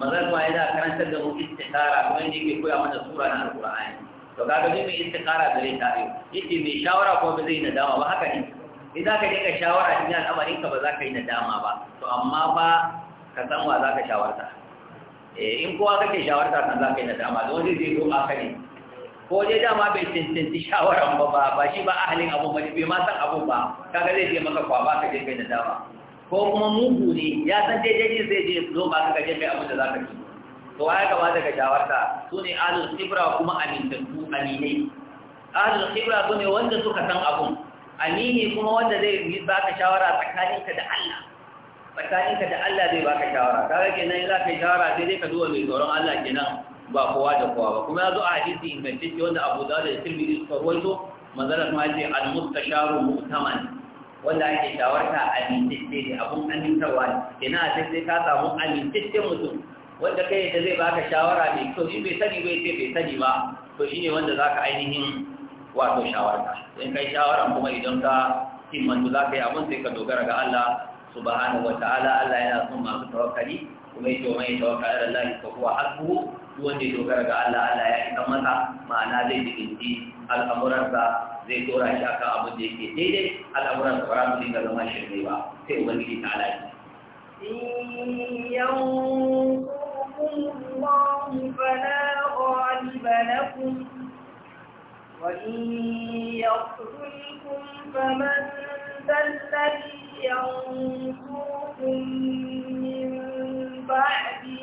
manzon kuma yana karantar da mu istikhara kuma yadda yake koya mana sura na al-qur'ani to kaga duk mai istikhara da rai tafi yake mai shawara ko ba zai na dama ba haka ne idan ka dinga shawara cikin al'amarin ka ba za ka yi na dama ba to amma ba ka san wa za ka shawarta Eh, in kowa kake shawarta kan za ka yi nadama da wani zai zo maka ne ko dai dama bai cancanci shawaran ba ba shi ba ahalin abu ba bai ma san abu ba kaga zai je maka kwaba ka je kai dama. ko kuma mugu ne ya san daidai zai je zo ba ka je kai abin da za ka ci to ya kamata ka shawarta su ne ahlul khibra kuma amintattu Amine. ahlul khibra su ne wanda suka san abun amini kuma wanda zai ba ka shawara tsakaninka da Allah tsakaninka da Allah zai baka shawara kaga kenan za ka yi shawara sai dai ka duba mai tsoron Allah kenan ba kowa da kowa ba kuma ya zo a hadisi ingantacce wanda Abu Dawud da Tirmidhi suka rawaito manzalar ma ce al-mustasharu mu'taman wanda ake shawarta amintacce ne abun amintarwa ne kenan a sai ka samu amintaccen mutum wanda kai da zai baka shawara mai kyau in bai sani bai ce bai sani ba to shine wanda zaka ainihin wato shawarta in kai shawaran kuma idan ka himmantu za ka yi abin sai ka dogara ga Allah subhanahu wataala Allah yana son masu tawakkali kuma yake wa mai tawakkali ala Allah fa huwa hasbuhu duk wanda ya dogara ga Allah Allah ya isa masa ma'ana zai dikinci al'amuransa zai dora shi akan abin da yake daidai al'amuransa ba za su dinga zama shirme ba sai ubangiji ta ala shi فلا غالب لكم وإن يخذلكم فمن ذا الذي ينصركم من بعده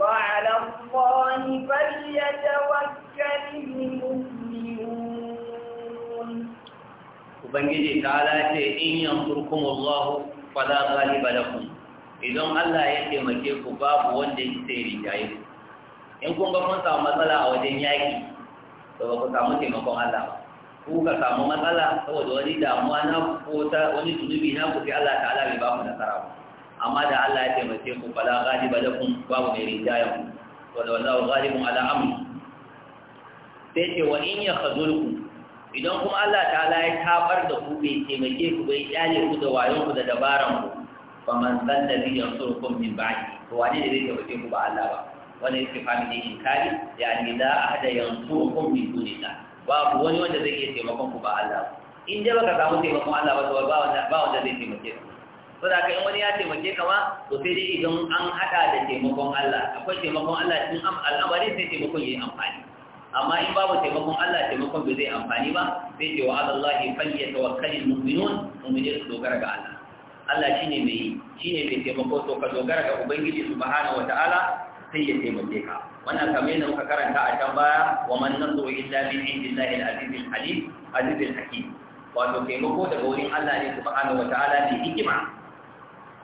وعلى الله فليتوكل المؤمنون Ubangiji ta'ala ce in yansurkum Allah fala ghaliba lakum idan Allah ya taimake ku babu wanda ya sai rijaye in kun ga kun samu matsala a wajen yaki to ba ku samu taimakon Allah ba ko ka samu matsala saboda wani damuwa na ko ta wani zunubi na ku sai Allah ta'ala bai ba mu nasara ba amma da Allah ya taimake ku fala ghaliba lakum babu mai rinjaya ku wala wallahu ghalibun ala amri sai ce wa in yakhzulku idan kuma Allah ta'ala ya tabar da ku bai taimake ku bai kyale ku da wayon ku da dabaran ku fa man san da zai min ba'di to wani da zai taimake ku ba Allah ba wannan yake fami ne inkari ni la ahada yansurkum min dunillah babu wani wanda zai iya taimakon ku ba Allah in dai baka samu taimakon Allah ba to ba wanda ba wanda zai taimake ka to da kai wani ya taimake ka ma to sai dai idan an hada da taimakon Allah akwai taimakon Allah tun al'amari sai taimakon yayi amfani amma in babu taimakon Allah taimakon bai zai amfani ba sai ce wa Allahi falyatawakkalul mu'minun mu'minin su dogara ga Allah Allah shine mai shine mai taimako to ka dogara ga Ubangiji subhanahu wataala sai ya taimake ka wannan kamar yadda muka karanta a can baya wa man nasru illa bi indillahi al-aziz al-alim aziz al halim aziz al hakim wato taimako daga wurin Allah ne subhanahu wa ta'ala ne hikima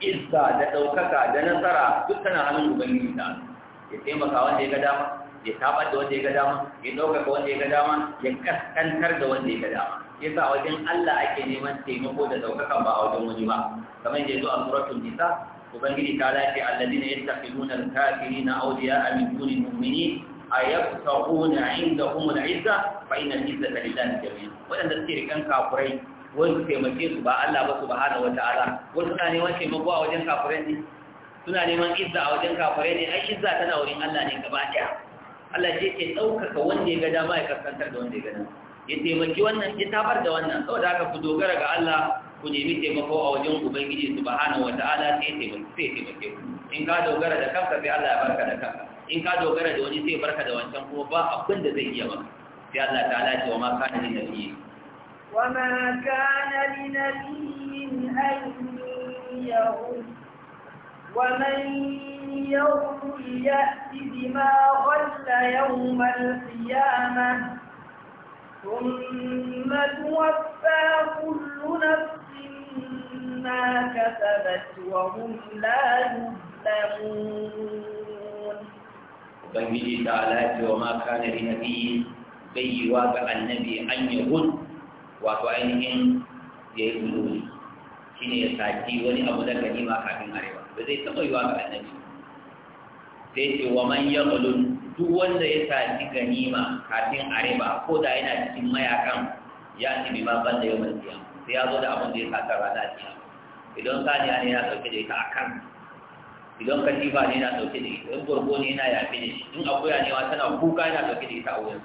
izza da daukaka da nasara duk tana hannun ubangiji ta ya taimaka wanda ya ga dama ya tabar da wanda ya ga dama ya daukaka wanda ya ga dama ya kaskantar da wanda ya ga dama yasa wajen Allah ake neman taimako da daukakan ba a wajen wani ba kamar yadda ya zo a suratul nisa ubangiji ta lafi alladina yattakhiduna al-kafirina awliya'a min duni al-mu'minin ayabtaghuna 'indahum al-'izza fa inna al-'izzata lillahi jami'an wadanda suke rikan kafirai wai su taimake su ba Allah ba subhanahu wata'ala wai suna neman taimako a wajen kafirai ne suna neman izza a wajen kafirai ne ai izza tana wurin Allah ne gaba daya Allah ce ke ɗaukaka wanda ya ga dama ya kaskantar da wanda ya ga dama ya taimaki wannan ya tabar da wannan saboda haka ku dogara ga Allah ku nemi taimako a wajen ubangiji subhanahu wata'ala sai taimake sai taimake in ka dogara da kanka sai Allah ya barka da kanka in ka dogara da wani sai barka da wancan kuma ba abin da zai iya ba sai Allah ta ce wa ma kana lin nabi wa ma kana lin nabiyyin an yahud wa man yahud ya'ti bima qalla yawm al-qiyamah ثم توفى كل نفس ما كسبت وهم لا يظلمون وبنجي تعالى وما كان لنبي بي واقع النبي أن يهد وتعينهم يهدون shine ya saki wani abu da ganima kafin arewa ba zai taɓa wa ga annabi sai ce wa man yaqulun duk wanda ya saki ganima kafin arewa ko da yana cikin mayakan ya ci bi ma banda yawan kiyama sai ya zo da abin da ya saka rana ce idan saniya ne yana dauke da ita a kan idan katifa ne yana dauke da ita in gurgo ne yana yafe da shi in akuya ne ma tana kuka yana dauke da ita a wurin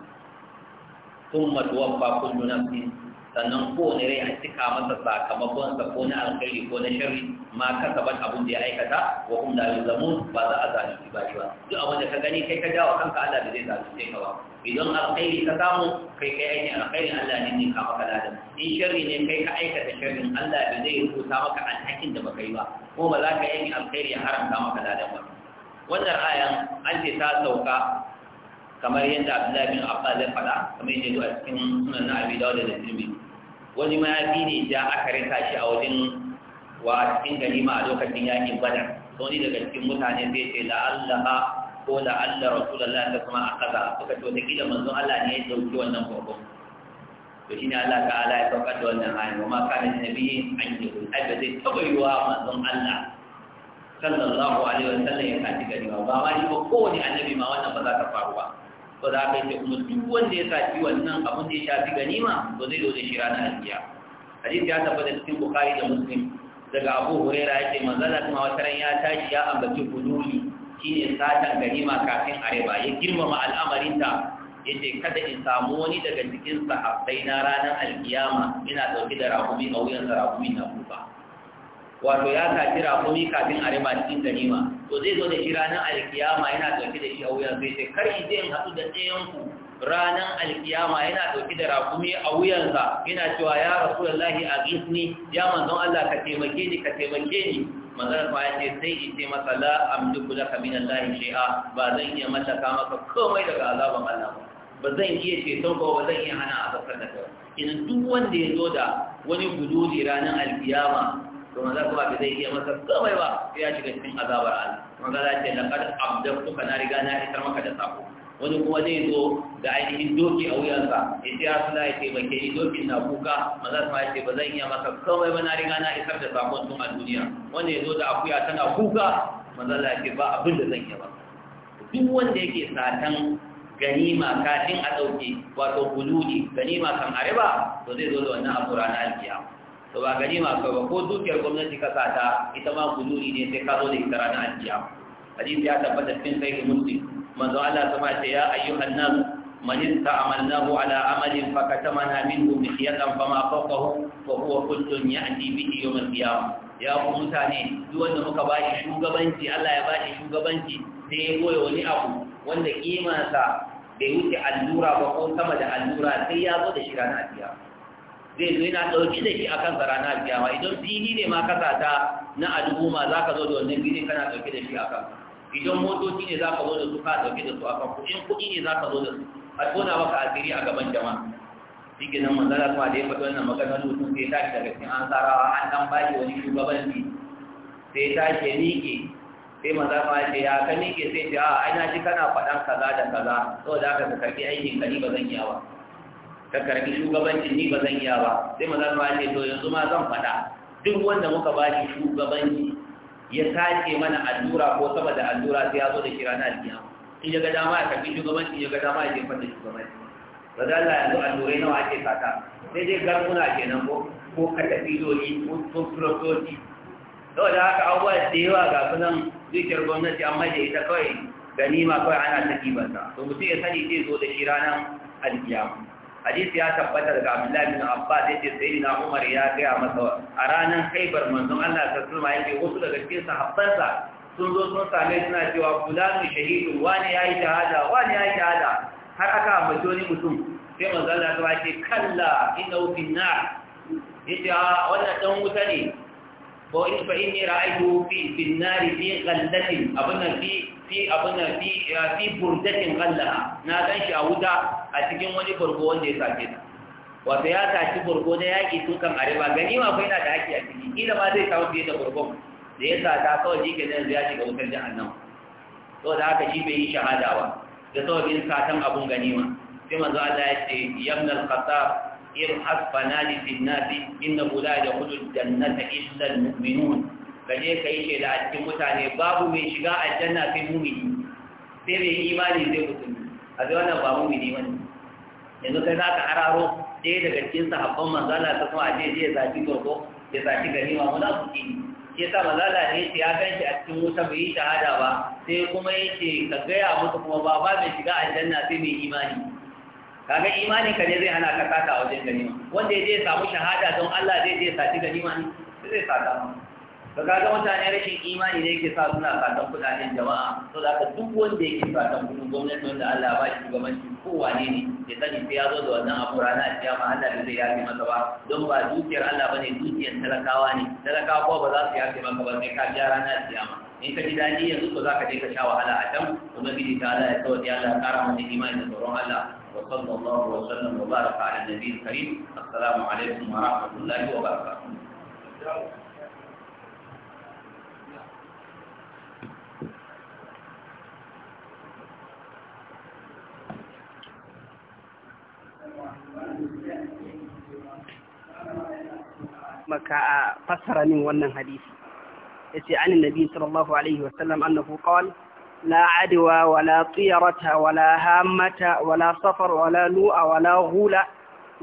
sun matuwan ba kullu nafsin sannan kowane rai a cika masa sakamakon sa ko na alkhairi ko na sharri ma kasaban abin da ya aikata wa hum la yuzlamun ba za a zalunci ba ba duk abin da ka gani kai ka jawo kanka Allah da zai zalunce ka ba idan alkhairi ka samu kai kai aiki alkhairi Allah ne ne ka maka ladan in sharri ne kai ka aikata sharrin Allah da zai rubuta maka alhakin da baka yi ba ko ba za ka yi alkhairi ya haramta maka ladan ba wannan ayan an ce ta sauka kamar yadda Abdullahi bin Abbas ya faɗa kamar yadda ya zo a cikin sunan na Abi Dawud da Tirmidhi wani fi ne ja aka rinka shi a wajen wa cikin ganima a lokacin yakin badar wani daga cikin mutane zai ce allaha ko allah rasulullah ta kuma a kaza suka ce wataƙila manzon Allah ne ya dauki wannan babban to shi ne Allah ta'ala ya saukar da wannan hanyar wa ma na nabiyyin an yi ai ba zai taɓa yiwa manzon Allah sallallahu alaihi wa sallam ya kaci gari ba ba ma ni ba kowane annabi ma wannan ba za ta faru ba to a aka yi kuma duk wanda ya saki wannan abin da ya shafi ganima ba zai zo da shi ranar alkiya hadisi ya tabbata cikin bukari da muslim daga abu huraira yake manzala kuma wata ran ya tashi ya ambaci huduli shine satan ganima kafin a ya girmama al'amarinta yace kada in samu wani daga cikin sahabbai na ranar alkiyama ina dauke da rakumi a wuyan rakumi na kufa wato ya ko raƙumi kafin a rima cikin ganima to zai zo da shi ranar alkiyama yana dauke da shi a wuyan zai sai kar in in haɗu da ɗayanku ranar alkiyama yana ɗauke da rakumi a wuyan wuyansa yana cewa ya rasu lallahi a gisni ya manzon Allah ka taimake ni ka taimake ni manzon fa ya ce sai in masa la kula ka min Allahi ba zan iya mallaka maka komai daga azaban Allah ba ba zan iya ceton ba ba zan iya hana a da kai kenan duk wanda ya zo da wani gudu ranar alkiyama to su ba bai zai iya masa kawai ba ya shiga cikin azabar Allah manzo ya ce laqad kuka kana riga na isar maka da sako wani kuma zai zo da ainihin doki a wuyansa ya ce ya suna ya taimake ni dokin na kuka maza su ya ce ba zan iya masa kawai ba na riga na isar da sako tun a duniya wanda ya zo da akuya tana kuka maza ya ce ba abin da zan iya ba duk wanda yake satan ganima kafin a ɗauke wato gululi ganima kan ba, to zai zo da wannan abu ranar alkiyama to ba gani ma ba ko dukiyar gwamnati ka sata ita ma guduri ne sai ka zo da ita rana ajiya. hadisi ya tabbata cikin sahihi muslim manzo Allah sama ce ya ayyuhan nas man ista'amalnahu ala amalin fa katamana minhu mihyatan fama faqahu wa huwa kullun ya'ti bihi yawm al qiyam ya ku mutane duk wanda muka ba shi shugabanci Allah ya ba shi shugabanci sai ya goya wani abu wanda sa bai wuce allura ba ko sama da allura sai ya zo da shi ranar aljiya zai zo yana ɗauki da shi a kan na kiyama idan fili ne ma kasa ta na al'umma za ka zo da wannan filin kana ɗauki da shi a kan idan motoci ne za ka zo da su ka ɗauki da su a kan kuɗin kuɗi ne za ka zo da su a tona maka asiri a gaban jama'a shi ke nan manzara kuma da ya faɗi wannan maganar mutum sai tashi daga cikin an tsarawa an ɗan ba shi wani ne sai tashi ya miƙe sai maza ma ya ce ya ka miƙe sai ce a ai na ji kana faɗan kaza da kaza saboda haka ka karɓi aikin ka ni ba zan yi ba ka karbi shugabancin ni ba zan iya ba sai maza ma ce to yanzu ma zan fada duk wanda muka ba shi shugabanci ya sace mana allura ko sama da allura sai ya zo da kira na alkiyama in ya ga dama ya karbi shugabanci ya ga dama ya jefa da shugabanci ba za Allah yanzu allurai nawa ake sata sai dai garmuna kenan ko ko katafiloli ko furototi yau da haka abubuwa da yawa ga sunan dukiyar gwamnati amma da ita kawai ganima kawai ana ta kibarta to mutum ya sani zai zo da shi ranar alkiyama hadisi ya tabbata daga Abdullahi bin Abbas yace na Umar ya gaya masa a ranar Khaibar manzon Allah sallallahu alaihi wasallam wasu daga cikin sahabbansa sun zo sun same suna cewa fulani shahidu wani ya yi shahada wani ya yi shahada har aka ambaci wani mutum sai manzon Allah ta ce kalla innahu fi nar yace ah, wannan dan wuta ne ko in fa inni ra'aytu fi fi nar fi qallatin abunna fi fi abin nan fi burdatin kallaha na gan shi a wuta a cikin wani burgo wanda ya sake ta wato ya tashi burgo na yaƙi tun kan arewa gani ma kai na da haƙi a ciki kila ma zai samu da burgo da ya ta kawai shi ke nan ya shiga wutar jahannan to da haka shi bai yi shahada ba da sababin satan abun gani ganima sai manzo Allah ya ce yamna al-qatab ibhas fanali fi an innahu la jannata illa muminun ka je ka yi ke a cikin mutane babu mai shiga janna sai mumini sai mai imani zai mutum? a zai wannan ba mumini wani yanzu kai za ka hararo ɗaya daga cikin sahabban manzala ta kuma a je je zafi gorko ya zafi muna munafiki ne ya sa mazala ne ce ya gan shi a cikin wuta bai yi shahada ba sai kuma ya ce ka gaya musu kuma ba ba mai shiga janna sai mai imani kaga imani ka ne zai hana ka sata a wajen gani. wanda ya je samu shahada don Allah zai je sati ma ne zai sata to kaga mutane rashin imani ne yake sa suna fatan kudaden jama'a to da ka duk wanda yake fatan kudin gwamnati wanda Allah ya ba shi shugabanci ko wane ne ya sani sai ya zo da wannan abu rana a kiyama Allah ne zai yafe masa ba don ba dukiyar Allah bane dukiyar talakawa ne talakawa ko ba za su yafe maka ba sai ka biya rana a kiyama in ka ji daɗi yanzu ko za ka je ka sha wahala a can ubangiji ta Allah ya tsawo ya Allah ya kara mana imani da tsoron Allah wa sallallahu wa sallam wa baraka ala nabiyil karim assalamu alaikum wa rahmatullahi wa barakatuh maka a fassara min wannan hadisi ya ce anin nabi sallallahu alaihi wa sallam annahu qala la adwa wa la tiyarata wa wala hammata la safar wa la lu'a wa la ghula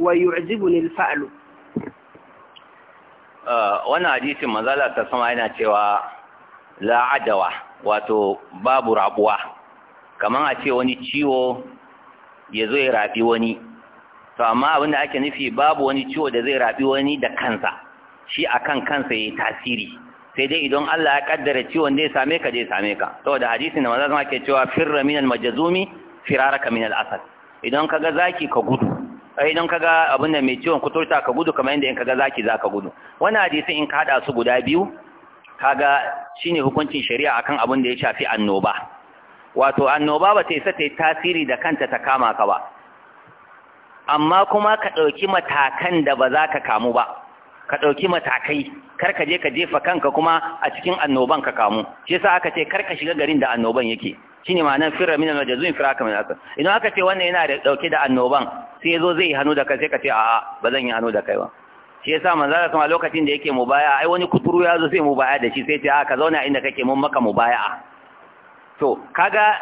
wa yu'jibuni al-fa'lu uh, wannan hadisin manzala ta sama yana cewa la adwa wato babu rabuwa kaman a ce wani ciwo ya zo ya rabi wani to amma abin da ake nufi babu wani ciwo da zai rabi wani da kansa shi akan kansa yayi tasiri sai dai idan Allah ya kaddara ciwon zai same ka zai same ka saboda hadisin da manzo zama ke cewa firra minal majazumi firaraka minal asad idan kaga zaki ka gudu ai idan kaga abin da mai ciwon kuturta ka gudu kamar yadda in kaga zaki zaka gudu wannan hadisin in ka hada su guda biyu kaga shine hukuncin shari'a akan abin da ya shafi annoba wato annoba ba ta isa ta yi tasiri da kanta ta kama ka ba amma kuma ka ɗauki matakan da ba za ka kamu ba ka ɗauki matakai kar ka je ka jefa kanka kuma a cikin annoban ka kamu shi yasa aka ce kar ka shiga garin da annoban yake ma ma'anar firar minan waje majzun fira kamar asad idan aka ce wannan yana da ɗauke da annoban sai zo zai yi hannu da kai sai ka ce a'a ba zan yi hannu da kai ba shi yasa manzo Allah kuma lokacin da yake baya ai wani kuturu ya zo sai mu baya da shi sai ce a'a ka zauna inda kake mun maka baya. to kaga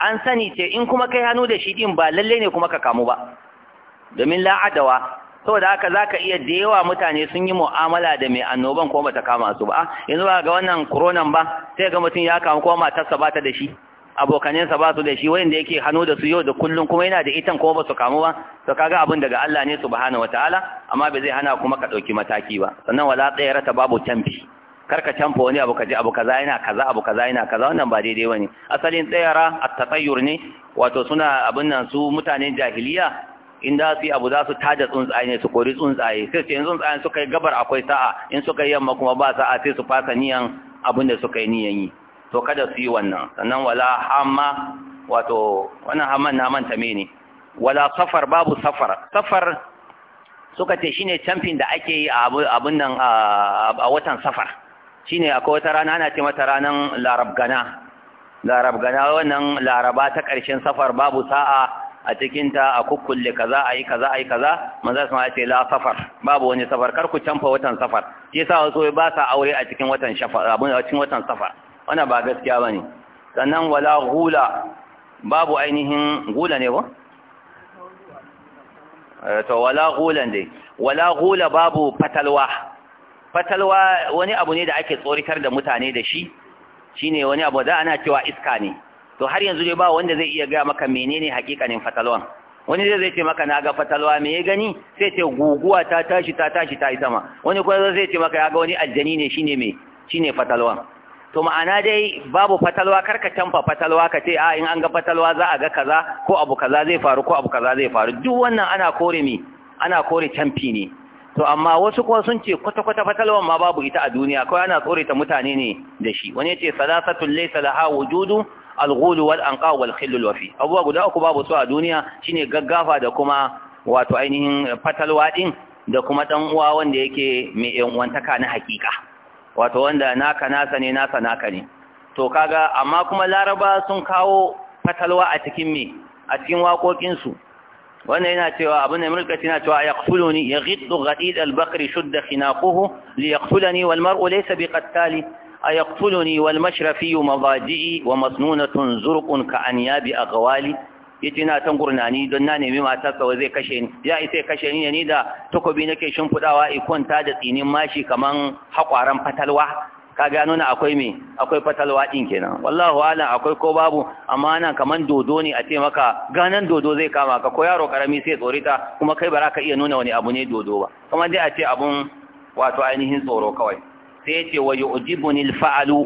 an sani ce in kuma kai hannu da shi din ba lalle ne kuma ka kamu ba domin la'adawa saboda haka zaka iya da yawa mutane sun yi mu'amala da mai annoban ko bata kama su ba yanzu ba ga wannan koronan ba sai ga mutum ya kama ko matarsa ba ta da shi abokanensa ba su da shi wanda yake hannu da su yau da kullum kuma yana da itan kuma ba su kamu ba to kaga abin daga Allah ne subhanahu wataala amma bai zai hana kuma ka dauki mataki ba sannan wala tsayar ta babu tambi karka canfa wani abu kaje abu kaza yana kaza abu kaza yana kaza wannan ba daidai bane asalin tsayara at-tatayyur ne wato suna abin nan su mutanen jahiliya in da su yi abu za su tada tsuntsaye ne su kori tsuntsaye sai su yanzu tsuntsaye suka yi gabar akwai sa'a in suka yi yamma kuma ba sa'a sai su fasa niyan abin da suka yi niyan yi to kada su yi wannan sannan wala hamma wato wannan hamman na manta mene wala safar babu safar safar suka ce shine camfin da ake yi a abin nan a watan safar shine akwai wata rana ana ce mata ranar larabgana larabgana wannan laraba ta ƙarshen safar babu sa'a a cikin ta a kukkulle kaza ayi kaza ayi kaza manzo sun ce la safar babu wani safar kar ku canfa watan safar yasa wasu ba sa aure a cikin watan safar abun a cikin watan safar wannan ba gaskiya bane sannan wala gula babu ainihin gula ne ba eh, to wala gula ne. wala gula babu fatalwa fatalwa wani abu ne da ake tsoritar da mutane da shi shine wani abu da ana cewa iska ne to har yanzu dai ba wanda zai iya gaya maka menene hakikanin fatalwan wani zai ce maka na ga fatalwa me ya gani sai ce guguwa ta tashi ta tashi ta sama wani kuma zai ce maka ya ga wani aljani ne shine me shine fatalwa to ma'ana dai babu fatalwa karka canfa fatalwa ka ce a in an ga fatalwa za a ga kaza ko abu kaza zai faru ko abu kaza zai faru duk wannan ana kore me ana kore camfi ne to amma wasu kuma sun ce kwata kwata fatalwan ma babu ita a duniya kawai ana tsore mutane ne da shi wani ya ce salasatul laysa laha wujudu alghulu wal anqa wal khillu wafi abuwa guda uku babu su a duniya shine gaggafa da kuma wato ainihin fatalwa din da kuma dan uwa wanda yake mai yan na hakika wato wanda naka nasa ne nasa naka ne to kaga amma kuma laraba sun kawo fatalwa a cikin me a cikin waƙoƙin su wannan yana cewa abin da mulka tana cewa yaqtuluni yaghiddu ghadid al-bakr shudda khinaquhu li wal mar'u laysa biqattali أيقتلني wa مضاجئي ومسنونة زرق كأنياب أغوالي yace na tan gurnani don na nemi sa wa zai kashe ni ya isa kashe ni ne da takobi nake shimfudawa, i kwanta da tsinin mashi kaman hakwaran fatalwa ka gano na akwai me akwai fatalwa din kenan wallahu ala akwai ko babu amma nan kaman dodo ne a ce maka ganan dodo zai kama ka ko yaro karami sai tsorita kuma kai baraka iya nuna wani abu ne dodo ba kuma dai a ce abun wato ainihin tsoro kawai sai ce wa yu'jibuni al fa'alu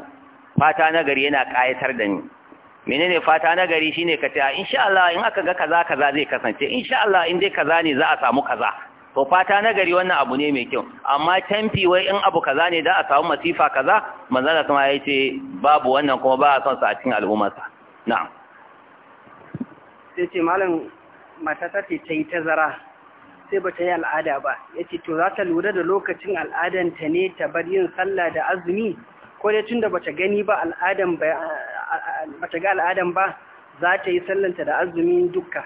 fata nagari yana kayatar da ni menene fata nagari shine ka ce insha Allah in aka ga kaza kaza zai kasance insha Allah in dai kaza ne za a samu kaza to fata nagari wannan abu ne mai kyau amma tamfi wai in abu kaza ne za a samu masifa kaza manzala kuma ya ce babu wannan kuma ba a son sa a cikin sa. na'am sai ce malam mata ta ce tazara sai ba ta yi al'ada ba ya ce to za ta lura da lokacin al'adanta ne ta bar yin sallah da azumi ko dai tun da ba ta gani ba ta ga al'adan ba za ta yi sallanta da azumi dukka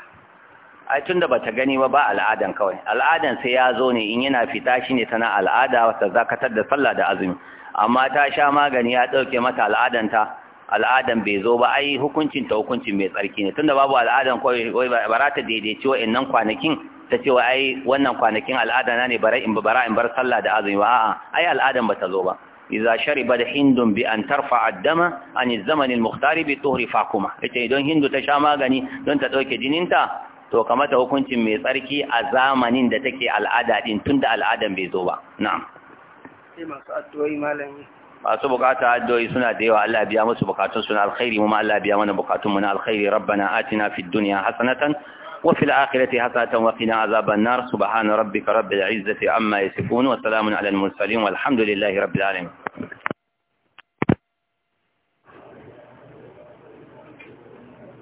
a tun da ba ta gani ba ba al'adan kawai al'adan sai ya zo ne in yana fita shi ne tana al'ada ta zakatar da sallah da azumi amma ta sha magani ya ɗauke mata al'adanta al'adan bai zo ba ai hukuncin ta hukuncin mai tsarki ne tunda babu al'adan kawai ba za ta daidaici wa'annan kwanakin ta ce wa ai wannan kwanakin al'ada na ne bara in bara in bar sallah da azumi ba a'a ai al'adan ba ta zo ba idza shariba da hindun bi an tarfa addama an zaman al-mukhtar bi tuhri kuma ita idan hindu ta sha magani don ta dauke jininta to kamata hukuncin mai tsarki a zamanin da take al'ada din tunda al'adan bai zo ba na'am sai masu addu'o'i malami masu bukata addu'o'i suna da yawa Allah biya musu bukatun suna alkhairi mu ma Allah biya mana bukatun mu na alkhairi rabbana atina fid dunya hasanatan وفي الآخرة حسنة وقنا عذاب النار سبحان ربك رب العزة عما يصفون وسلام على المرسلين والحمد لله رب العالمين